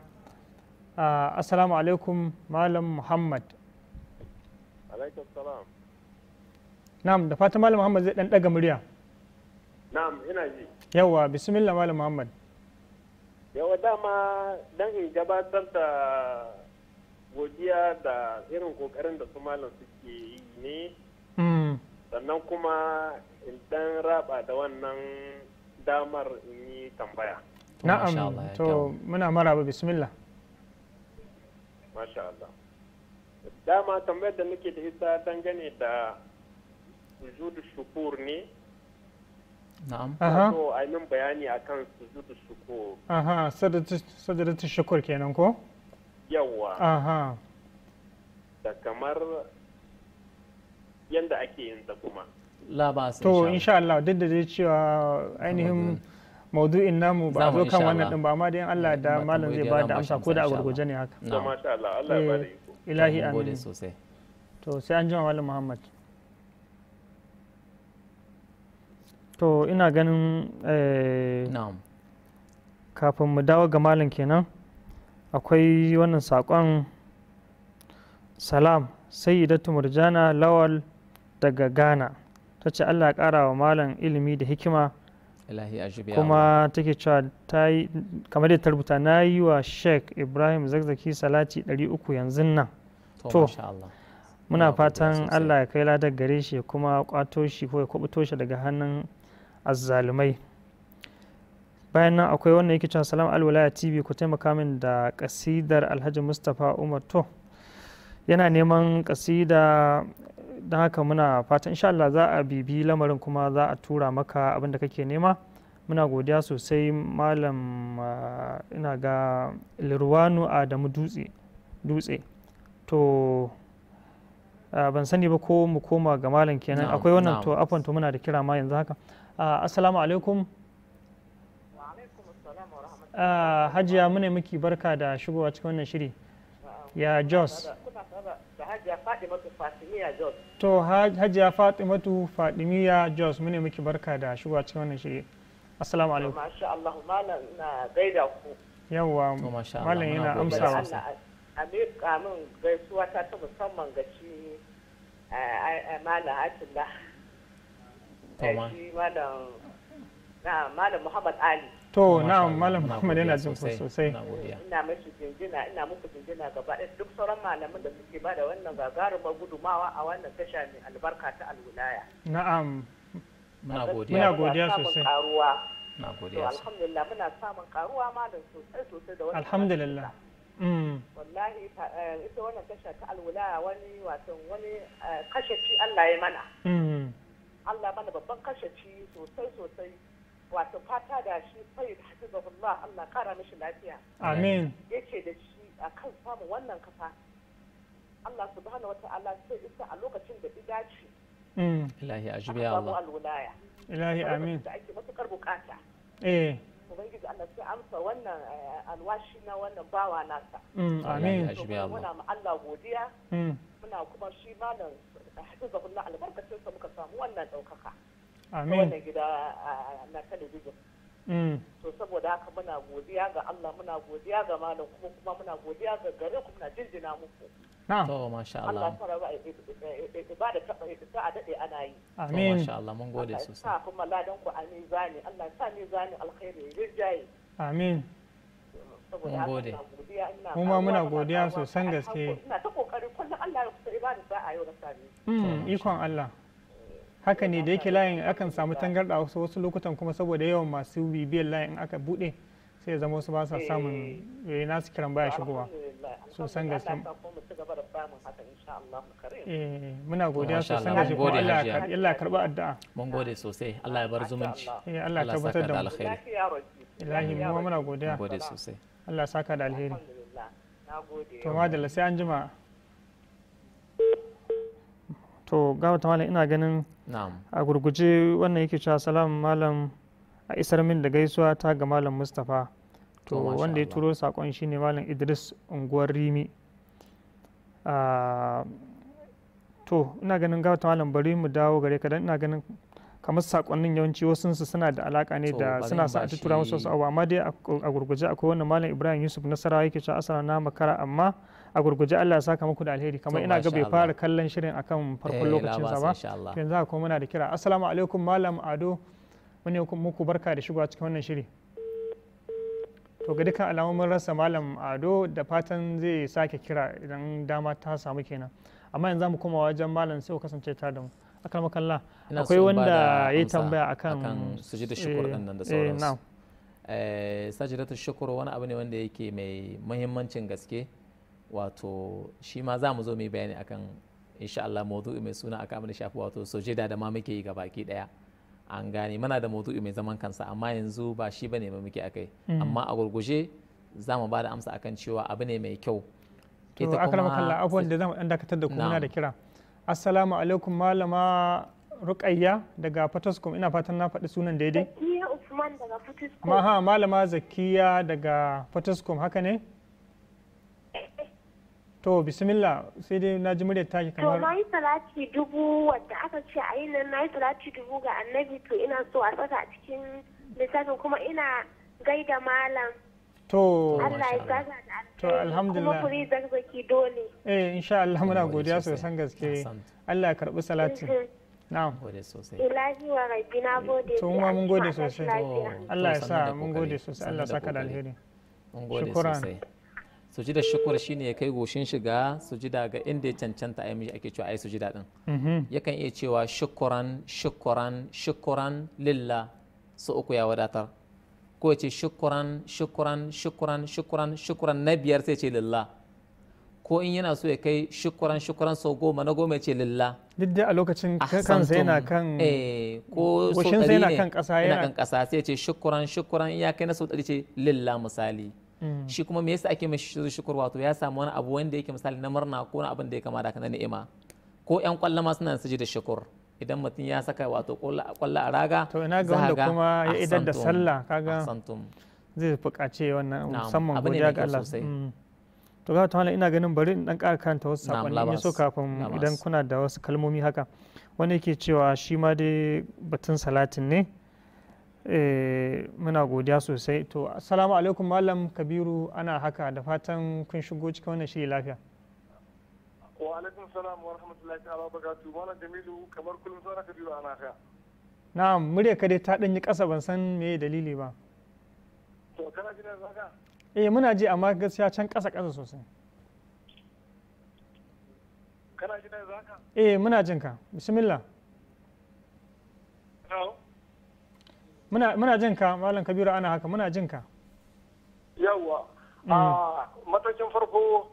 ah, assalamu alaikum malam muhammad alaikum salam na'am da fatan malam muhammad zai dan daga murya na'am ina ji yawa bismillah malam muhammad yawa dama dan in gabatar da godiya da irin kokarin da su malam suke yi ne hmm. sannan kuma in dan raba da wannan damar in yi tambaya na'am to muna maraba bismillah masha Allah dama tambayar da nake da ita dangane da sujudu shukur ne na'am to ai bayani akan sujudu shukur aha shukur kenan ko yawa aha da kamar yanda ake yin kuma labas to insha Allah duk da dai cewa ainihin maudu'in namu ba a zo kan wannan din ba amma dai Allah da malam zai ba da amsa ko da a gurguje ne haka to masha Allah Allah ya bada eh, ilahi amin to sai an jima malam Muhammad to ina ganin eh, kafin mu dawo ga malam kenan akwai wannan sakon salam sayyidatu murjana lawal daga ghana ta ce allah kara wa malam ilimi da hikima kuma take cewa ta yi kamar da tarbuta na yi wa sheikh ibrahim zakzaki salati 300 yanzu nan to muna fatan allah ya kai ladar gare shi kuma kwato shi ko ya kwabuto shi daga hannun azzalumai bayan nan akwai wannan yake cewa salam alwalaya tv ku taimaka min da kasidar alhaji mustapha umar to yana neman kasida don haka muna fatan insha Allah za a bibi lamarin kuma za a tura maka abin da kake nema muna godiya sosai malam ah, ina ga lirwanu adamu dutse dutse to ah, ban sani ba ko mu koma ga malam kenan akwai wannan to afon to muna da kira ma yanzu haka ah, assalamu alaikum hajiya muna miki barka da shigowa cikin wannan shiri ya jos hajiya mata fasimiya jos to hajiya fatimatu fadimiya jos mune muke barka da shigowa cikin wannan shirye assalamu alaikum ma sha Allah malam na gaida ku yawa malam yana amsawa a ne kamun gaisuwa ta ta musamman ga shi malam Atilla shi malam na malam Muhammad Ali to na'am malam Muhammad yana jin ku sosai ina mashi jinjina ina muku jinjina gaba ɗaya duk sauran malaman da suke ba da wannan gagarumar gudumawa a wannan tasha mai albarka ta alwilaya na'am muna godiya muna godiya sosai na godiya alhamdulillah muna samun karuwa malam sosai sosai da wannan alhamdulillah mm. wallahi eh, ita wannan tasha ta alwilaya wani wato wani eh, kashe ci Allah ya mana mm. Allah mana babban kashe ci sosai sosai wato fata da shi sai hafizahullah Allah kara mishi lafiya amin yake da shi akan samun wannan kafa Allah subhanahu wata'ala sai isa a lokacin da idaci mm. ilahi ajibi ya Allah alwilaya ilahi amin da ake matukar bukata eh ubangiji Allah sai amsa wannan eh, alwashi na wannan bawa nasa mm, amin ajibi ya Allah muna ma Allah godiya mm. muna kuma shi malam eh, hafizahullah albarkacin sa muka samu wannan daukaka Amin. wannan gida na talabijin mm. to saboda haka muna godiya ga Allah muna godiya ga malam kuma kuma muna godiya ga gare ku muna jinjina muku Na. to masha Allah Allah fara ba ba da taba ta a dade ana yi amin masha Allah mun gode sosai sa kuma ladan ku ani zani Allah sa ni zani alkhairi rijai amin mun gode kuma muna godiya sosan gaske ina ta kokari kullum Allah ya kusa ibada sa a yau da sami hmm, ikon Allah haka ne da yake layin akan samu tangarɗa wasu wasu lokutan kuma saboda yawan masu bibiyar layin aka buɗe sai ya zama wasu ba sa eh. samun yayi eh, nasu kiran baya shigowa ga gaske eh, muna godiya sosan gaske kuma Allah ya karba addu'a mun gode sosai Allah ya bar zumunci Allah ya tabbatar da alkhairi ilahi mu muna godiya gode sosai Allah ya saka da alheri to madalla sai an jima to gawa ta ina ganin a gurguje wannan yake cewa salam malam a isar min da gaisuwa ta ga malam mustapha to wanda ya turo sakon ne malam idris unguwar rimi ah, to ina ganin gawa ta malam bari mu dawo gare ka dan ina ganin kamar sakonnin yawanci wasu su suna da alaka ne da suna sa a tura musu wasu abu amma dai a gurguje akwai wannan malam ibrahim yusuf nasara yake cewa asara na makara amma a gurguje Allah ya saka muku da alheri kamar ina ga bai fara kallon shirin akan farkon eh, lokacin sa ba yanzu haka muna da kira assalamu alaikum malam ado mune muku barka da shigowa cikin wannan shiri to ga dukkan alamun mun rasa malam ado da fatan zai sake kira idan dama ta samu kenan amma yanzu mu koma wajen malam sai ku kasance ta da mu akan makalla akwai wanda ya tambaya akan sujudu shukur din nan da eh, sauransu eh, sajidatu shukur wani abu ne wanda yake mai muhimmancin gaske wato shi ma za mu zo mai bayani akan insha Allah maudu'i mai suna aka amina shafi wato sojeda da ma muke yi ga baki daya an gane muna da maudu'i mai zaman kansa amma yanzu ba shi bane ba muke akai hmm. amma a gurguje za mu ba da amsa akan cewa abu ne mai kyau to akalama kalla abubuwan da zamu dan dakatar da kuma da kira assalamu alaikum malama ruqayya daga fataskum ina fatan na faɗi sunan daidai zakiya usman daga fataskum malama zakiya daga fataskum haka ne to bismillah sai dai na ji muryar taki kamar to na yi salati dubu wadda aka ce a yi nan na yi salati dubu ga annabi to ina so a saka a cikin lissafin kuma ina gaida malam to Allah ya saka to alhamdulillah kuma kuri zarzaki dole eh insha Allah muna godiya san gaske Allah ya karbi salati mm-hmm. na'am gode sosai ilahi wa rabbi na gode to mu mun gode sosai Allah ya sa mun gode sosai Allah ya saka da alheri mun gode sosai sujida shukur shine ya kai goshin shiga sujida ga inda ya cancanta a yi ake cewa a yi sujida din mm-hmm. yakan iya cewa shukuran shukuran shukuran lilla su uku ya wadatar ko ce shukuran shukuran shukuran shukuran shukuran na biyar sai ce lilla. ko in yana so ya kai shukuran shukuran sau goma na goma ya ce lilla. duk da a lokacin sai na kan eh, ko sau ɗari ne kan ƙasa sai ce shukuran shukuran ya kai na sau ɗari ce lilla misali Mm. shi kuma me yasa ake mashi shukur wato ya samu wani abu wanda yake misali na murna ko na abin da ya kama da na ni'ima ko yan kwalla ma suna sujud da shukur idan mutum ya saka wato kwalla a raga to ina ga wanda kuma ya idar da sallah kaga zai fukace wannan musamman godiya ga Allah mm. to ga ta ina ganin bari in dan ƙara karanta wasu sakonni ne so kafin idan kuna da wasu kalmomi haka wani yake cewa shi ma dai batun salatin ne Eh, muna godiya sosai to assalamu alaikum malam kabiru ana haka da fatan kun shigo cikin wannan shiri lafiya wa alaikum salam wa rahmatullahi ta'ala wa barakatuh malam jamilu kamar kullum sana kabiru ana haka na'am murya ka dai ta danyi kasa ban san me dalili ba to kana jin zaka eh muna ji amma gaskiya can kasa kasa sosai kana jin zaka eh muna jin ka bismillah muna jin ka malam kabiru ana haka muna jin ka yawa mm. a matakin farko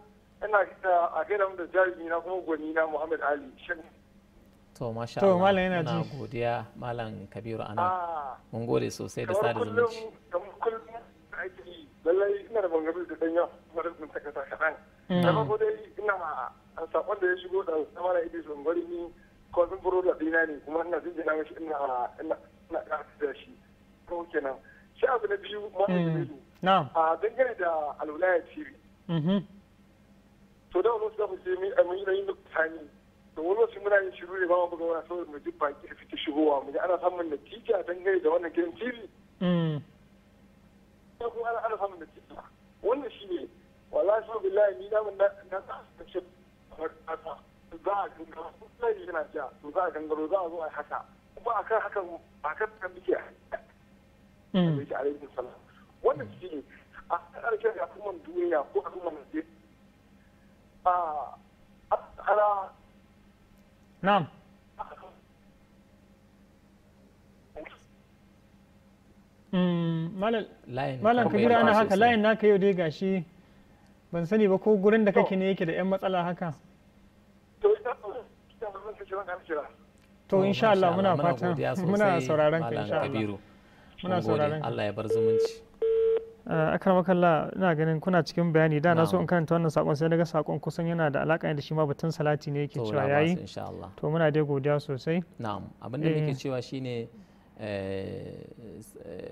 ina a gaida da jari na kuma gwani na muhammad ali to masha Allah to malam yana ji godiya malam kabiru ana mun gode sosai da sada zumunci lallai ina da bangaru da danya kamar mun ta ta kaɗan. da mm. farko dai ina a sakon da ya shigo da zama na idris bari ni ko da dina ne kuma ina jinjina mashi ina ina ina da shi kenan abu na biyu hmm. a dangane da alwalaya tv mm-hmm. to da wani mu yi yin tani to wani wasu muna yin shiru ne ba mu wani mu ji baki da fita shigowa mu ana samun natija dangane da wannan gidan ko mm. kuma ana samun natija wannan shi ne wallahi billahi ni na mun na ta ce za a gangaro za a gangaro za a zo a haka kuma akan akan kan muke Hmm. annabi alaihi salam wannan shi ne a ƙarshen al'umman duniya ko al'umman a tsara hmm, malam kabir ana haka layin naka yau dai gashi ban sani ba ko gurin da kake ne yake da 'yan matsala haka to insha Allah muna fatan muna sauraron ka insha Allah muna sauraron Allah ya bar zumunci eh, akrama kalla ina ganin kuna cikin bayani da na so in karanta wannan sakon sai daga sakon kusan yana da alaka da shi ma batun salati ne yake cewa yayi to muna dai godiya sosai na'am abin da muke eh. cewa shine eh,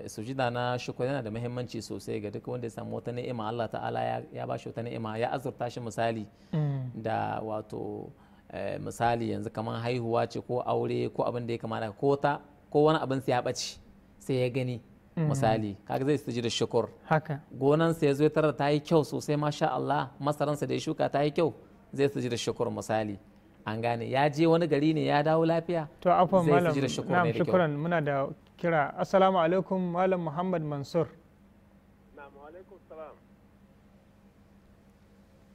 sujida na shukur yana da muhimmanci sosai ga duk wanda ya samu wata ni'ima Allah ta'ala ya ba shi wata ni'ima ya azurta shi misali mm. da wato misali yanzu kamar haihuwa ce ko aure ko abin da ya kamata ko wani abin sai ya ɓace sai ya gani mm. misali kaga zai ji da shukur haka sa ya zo tara ta yi kyau sosai masha Allah masaransa da ya shuka ta yi kyau zai ji da shukur misali an gane ya je wani gari ne ya dawo lafiya to afwan malam na'am shukran muna da kira assalamu alaikum malam muhammad mansur na'am wa alaikum salam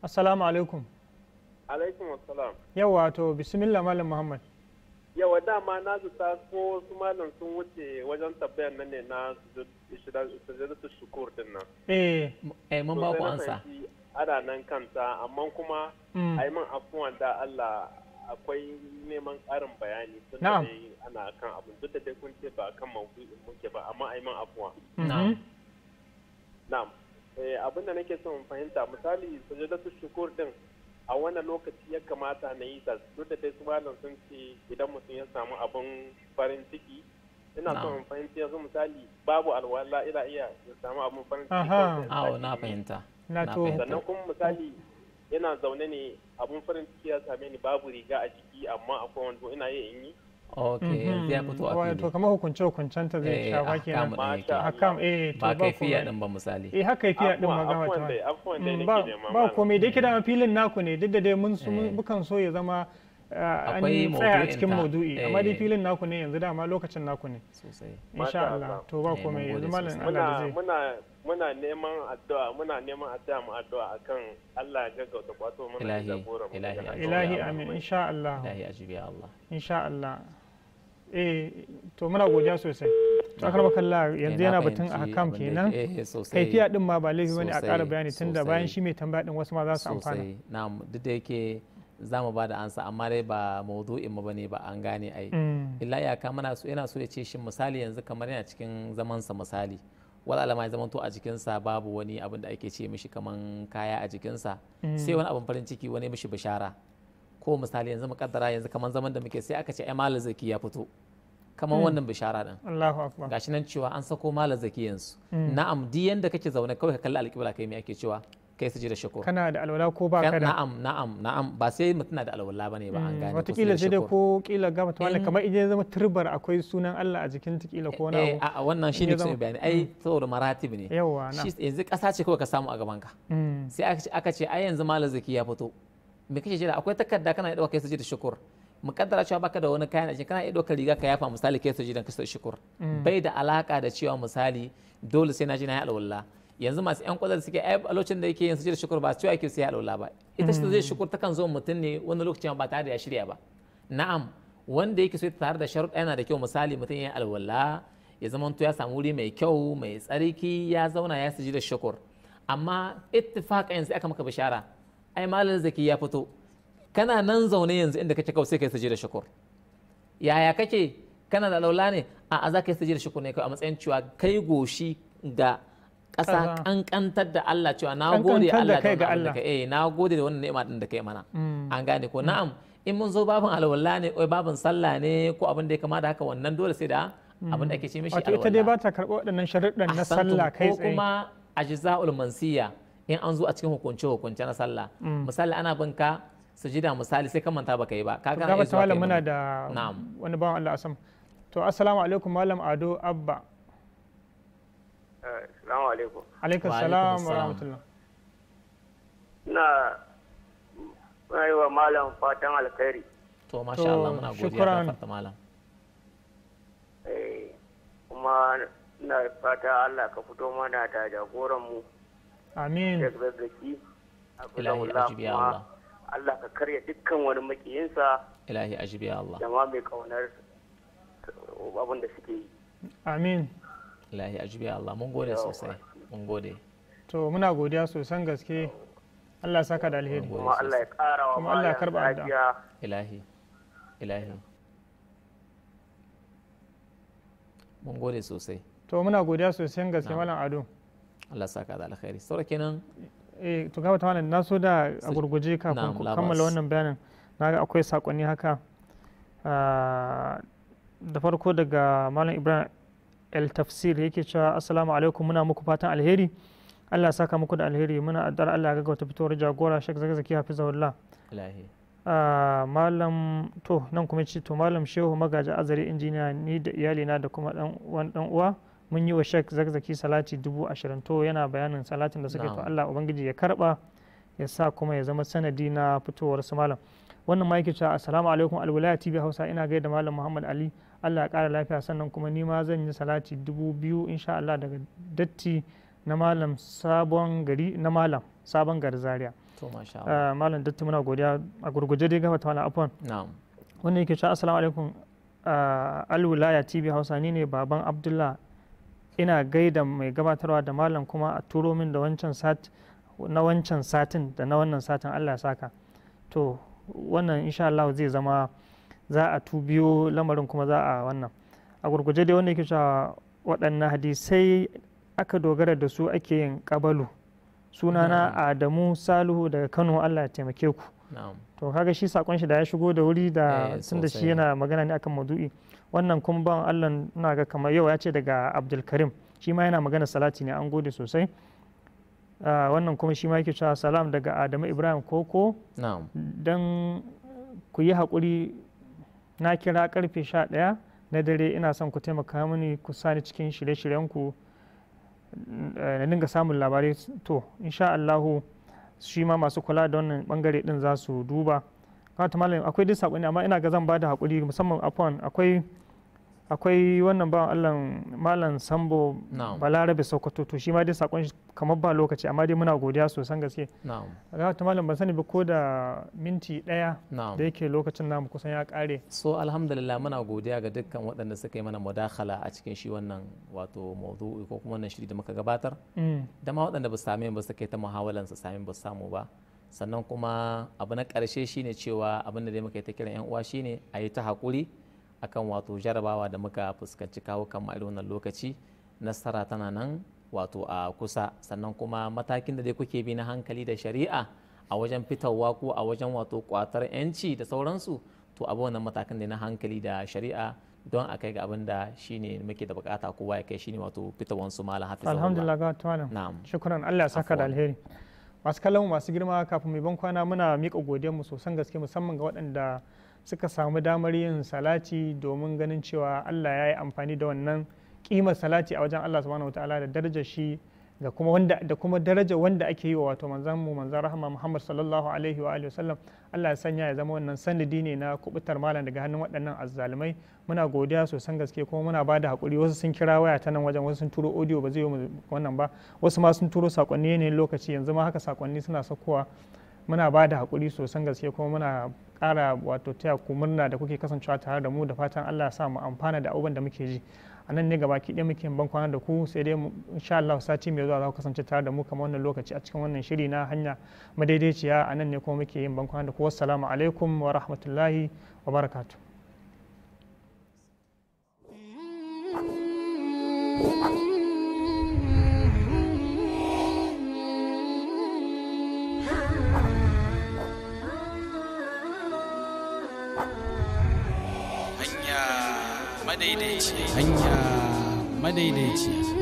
assalamu alaikum alaikum assalam yawa to bismillah malam muhammad yawa dama na su ta ko su malam sun wuce wajen tabbayan nan ne na sujadatu shukur din nan eh eh mun ba ku ansa ana nan kanta amma kuma mm. a yi min afuwan da Allah akwai neman ƙarin bayani tun da ana kan abin duk da dai kun ce ba kan in muke ba amma a yi min afuwa mm-hmm. na'am na'am eh, abin da nake son fahimta misali sujadatu shukur din a wannan lokaci ya kamata na yi ta duk da dai su malam sun ce idan mutum ya samu abin farin ciki ina son in fahimci yanzu misali babu alwala ina iya ya samu abin farin ciki ko na fahimta na to sannan kuma misali ina zaune ne abin farin ciki ya same ni babu riga a jiki amma akwai wando ina yi in yi ok yanzu ya fito a fili to kamar hukunce hukuncen ta zai shafa kenan hakam eh to ba kai fiya din ba misali eh haka fiya din magana ta ba komai dai kida filin naku ne duk da dai mun bukan so ya zama an tsaya a cikin maudu'i amma dai filin naku ne yanzu dama lokacin naku ne Sosai. insha Allah to ba komai yanzu malam Allah da zai muna muna neman addu'a muna neman addu'a mu addu'a akan Allah ya gaggauta kwato mana da gora ilahi ilahi amin insha Allah ilahi ajibi Allah insha Allah eh to muna godiya sosai to aka akar makalla eh, yanzu yana batun a hakam kenan eh, kaifiya din ma ba laifi bane a ƙara bayani tunda bayan shi mai tambaya din wasu ma za su amfana na'am duk da yake za mu ba da ansa amma dai ba maudu'in mu bane ba an gane ai mm. illa iyaka muna so yana so ya ce shin misali yanzu kamar yana cikin zaman sa misali wala alama ya zamanto a jikinsa babu wani abin da ake ce mishi kaman kaya a jikinsa mm. sai wani abin farin ciki wani mishi bishara ko misali yanzu mukaddara yanzu kamar zaman da muke sai aka ce ai malam zaki ya fito kamar hmm. wannan bishara din Allahu akbar gashi nan cewa an sako malam zaki yanzu hmm. na'am di yanda kake zaune kawai ka kalli alƙibla kai me ake cewa kai su ji da shakur kana da alwala ko ba ka da na'am na'am na'am ba sai mutum na da alwala ba ne ba an hmm. gane wata kila sai dai ko kila ga mutum wanda eh. kamar idan zama turbar akwai sunan Allah a jikin ta kila ko na eh, a wannan shine sai bayani ai saboda maratib ne yawa na yanzu kasa ce kawai ka samu a gaban ka sai aka ce ai yanzu malam zaki ya fito me kake jira akwai takarda kana iya kai sujud shukur mukaddara cewa baka da wani kayan ajiye kana iya ɗaukar riga ka yafa misali kai sujudan ka shukur mm. bai da alaka da cewa misali dole sai na ji na yi alwala yanzu masu yan kwazar suke ai a lokacin da yake yin sujud shukur ba cewa yake sai ya alwala ba ita shi zai mm. shukur takan zo mutum ne wani lokacin ba tare da ya shirya ba na'am wanda yake so tare da sharuɗa yana da kyau misali mutum ya yi alwala ya zama ya samu wuri mai kyau mai tsarki ya zauna ya sujuda shukur amma ittifaqan sai aka maka bishara ai malam zaki ya fito kana nan zaune yanzu inda kake kawai sai kai da shukur yaya kake kana da laula ne a a za kai yi da shukur ne kai. a matsayin cewa kai goshi ga ƙasa kankantar da Allah cewa na gode Allah da wannan da eh na gode da wannan ni'ima din da kai mana mm. an gane ko mm. na'am in mun zo babin alwala ne ko babin sallah ne ko abin da ya kama da haka wannan dole sai da mm. abin da ake ce mishi alwala wato ita dai ba ta karɓo waɗannan sharuɗan na sallah kai tsaye ko kuma ajza'ul mansiya in an zo a cikin hukunce hukunce na sallah mm. misali ana bin ka sujida misali sai ka manta baka yi ba ka kana iya zuwa kai muna da wani bawan Allah asam to assalamu alaikum malam Ado Abba eh, assalamu alaikum alaikum salam wa rahmatullah na yi wa malam fatan alkhairi to masha Allah muna godiya da fata malam eh, kuma na fata Allah ka fito mana da jagoran mu amin shek zazzaki ilahi ajibi ya Allah Allah ka karya dukkan wani makiyinsa ilahi ajibi ya Allah jama mai kaunar abin da suke yi amin ilahi ajibi ya Allah mun gode sosai mun gode to muna godiya sosan gaske Allah saka da alheri kuma Allah ya kara wa kuma Allah ya karba da ilahi ilahi mun gode sosai to muna godiya sosai gaske malam ado Allah saka da alkhairi saboda kenan eh, eh to gaba malam na so da a gurguje kafin ku kammala wannan bayanin naga akwai sakonni haka ah, da farko daga malam Ibrahim el tafsir yake cewa assalamu alaikum muna muku fatan alheri Allah saka muku da alheri muna addar Allah ga wata fitowar jagora Sheikh Zakzaki hafizahullah ilahi ah, malam to nan kuma ce to malam Shehu magaji azari injiniya ni da iyalina da kuma dan uwa mun yi wa shek zakzaki salati dubu ashirin to yana bayanin salatin da suke to Allah ubangiji ya karba ya sa kuma ya zama sanadi na fitowar su malam wannan ma yake cewa assalamu alaikum alwilaya tv hausa ina gaida malam muhammad ali Allah ya kara lafiya sannan kuma ni ma zan yi salati dubu biyu insha Allah daga datti na malam sabon gari na malam sabon gari zaria ah, malam datti muna godiya a gurguje dai gaba ta wani afon wannan yake cewa assalamu alaikum ah, alwilaya tv hausa ni ne baban abdullah ina gaida mai gabatarwa da malam kuma a turo min da wancan na wancan satin da na wannan satin Allah ya saka to wannan insha Allah zai zama za a tubiyo lamarin kuma za a wannan a gurguje dai wanda yake cewa waɗannan hadisai aka dogara da su ake yin ƙabalu sunana Adamu Salihu daga Kano Allah ya taimake ku to kaga shi sakon shi da ya shigo da wuri da eh, tun da shi yana magana ne akan madu'i wannan kuma ban Allah ina ga kamar yau ya ce daga abdulkarim Karim shi ma yana magana salati ne an gode sosai ah, wannan kuma shi ma yake cewa salam daga Adamu Ibrahim Koko dan ku yi hakuri na kira karfe sha 11 na dare ina son ku taimaka mini ku sani cikin shirye-shiryenku eh, na dinga samun labarai to insha Allahu shi ma masu kula da wannan bangare din za su duba kamata malam akwai duk saƙoni amma ina ga zan ba da haƙuri musamman afon akwai akwai wannan bawan allah malam sambo balarabe sokoto to shi ma dai sakon shi kamar ba lokaci amma dai muna godiya sosan gaske ga ta malam ban sani ba ko da minti daya da yake lokacin namu kusan ya kare so alhamdulillah muna godiya ga dukkan waɗanda suka yi mana mudakhala a cikin shi wannan wato mawdu'i ko kuma wannan shiri da muka gabatar mm. da ma waɗanda ba su same ba suka yi ta muhawalan su same ba su samu ba sannan kuma abu na ƙarshe shine cewa abin da dai muka yi ta kiran yan uwa shine a yi ta haƙuri akan wato jarabawa da muka fuskanci kawo kan wannan lokaci nasara tana nan wato a kusa sannan kuma matakin da dai kuke bi na hankali da shari'a a wajen fitarwa ko a wajen wato kwatar 'yanci da sauransu to abu wannan matakan da na hankali da shari'a don a kai ga abin da shine muke da bukata kowa ya kai shine wato fitawan su malam hafiz alhamdulillah ga tuwanan na'am shukran Allah ya saka da alheri masu kallon masu girma kafin mai ban kwana muna miƙa godiyar mu sosan gaske musamman ga waɗanda suka samu damar yin salati domin ganin cewa Allah ya yi amfani da wannan kimar salati a wajen Allah subhanahu wataala da darajar shi da kuma wanda da kuma daraja wanda ake yi wa wato manzon mu manzon rahama Muhammad sallallahu alaihi wa alihi wasallam Allah ya sanya ya zama wannan sanadi ne na kubutar malam daga hannun waɗannan azzalumai muna godiya sosan gaske kuma muna ba da hakuri wasu sun kira waya ta nan wajen wasu sun turo audio ba zai yi wannan ba wasu ma sun turo sakonni ne lokaci yanzu ma haka sakonni suna sakowa muna ba da hakuri sosan gaske kuma muna kara wato taya ku murna da kuke kasancewa tare da mu da fatan Allah ya sa mu amfana da abubuwan da muke ji a nan ne gaba ki ɗaya muke ban kwana da ku sai dai insha Allah sati mai zuwa za ku kasance tare da mu kamar wannan lokaci a cikin wannan shiri na hanya madaidaiciya a nan ne kuma muke yin ban kwana da ku wassalamu alaikum wa rahmatullahi wa barakatuh mm-hmm. madaidaici hanya madaidaici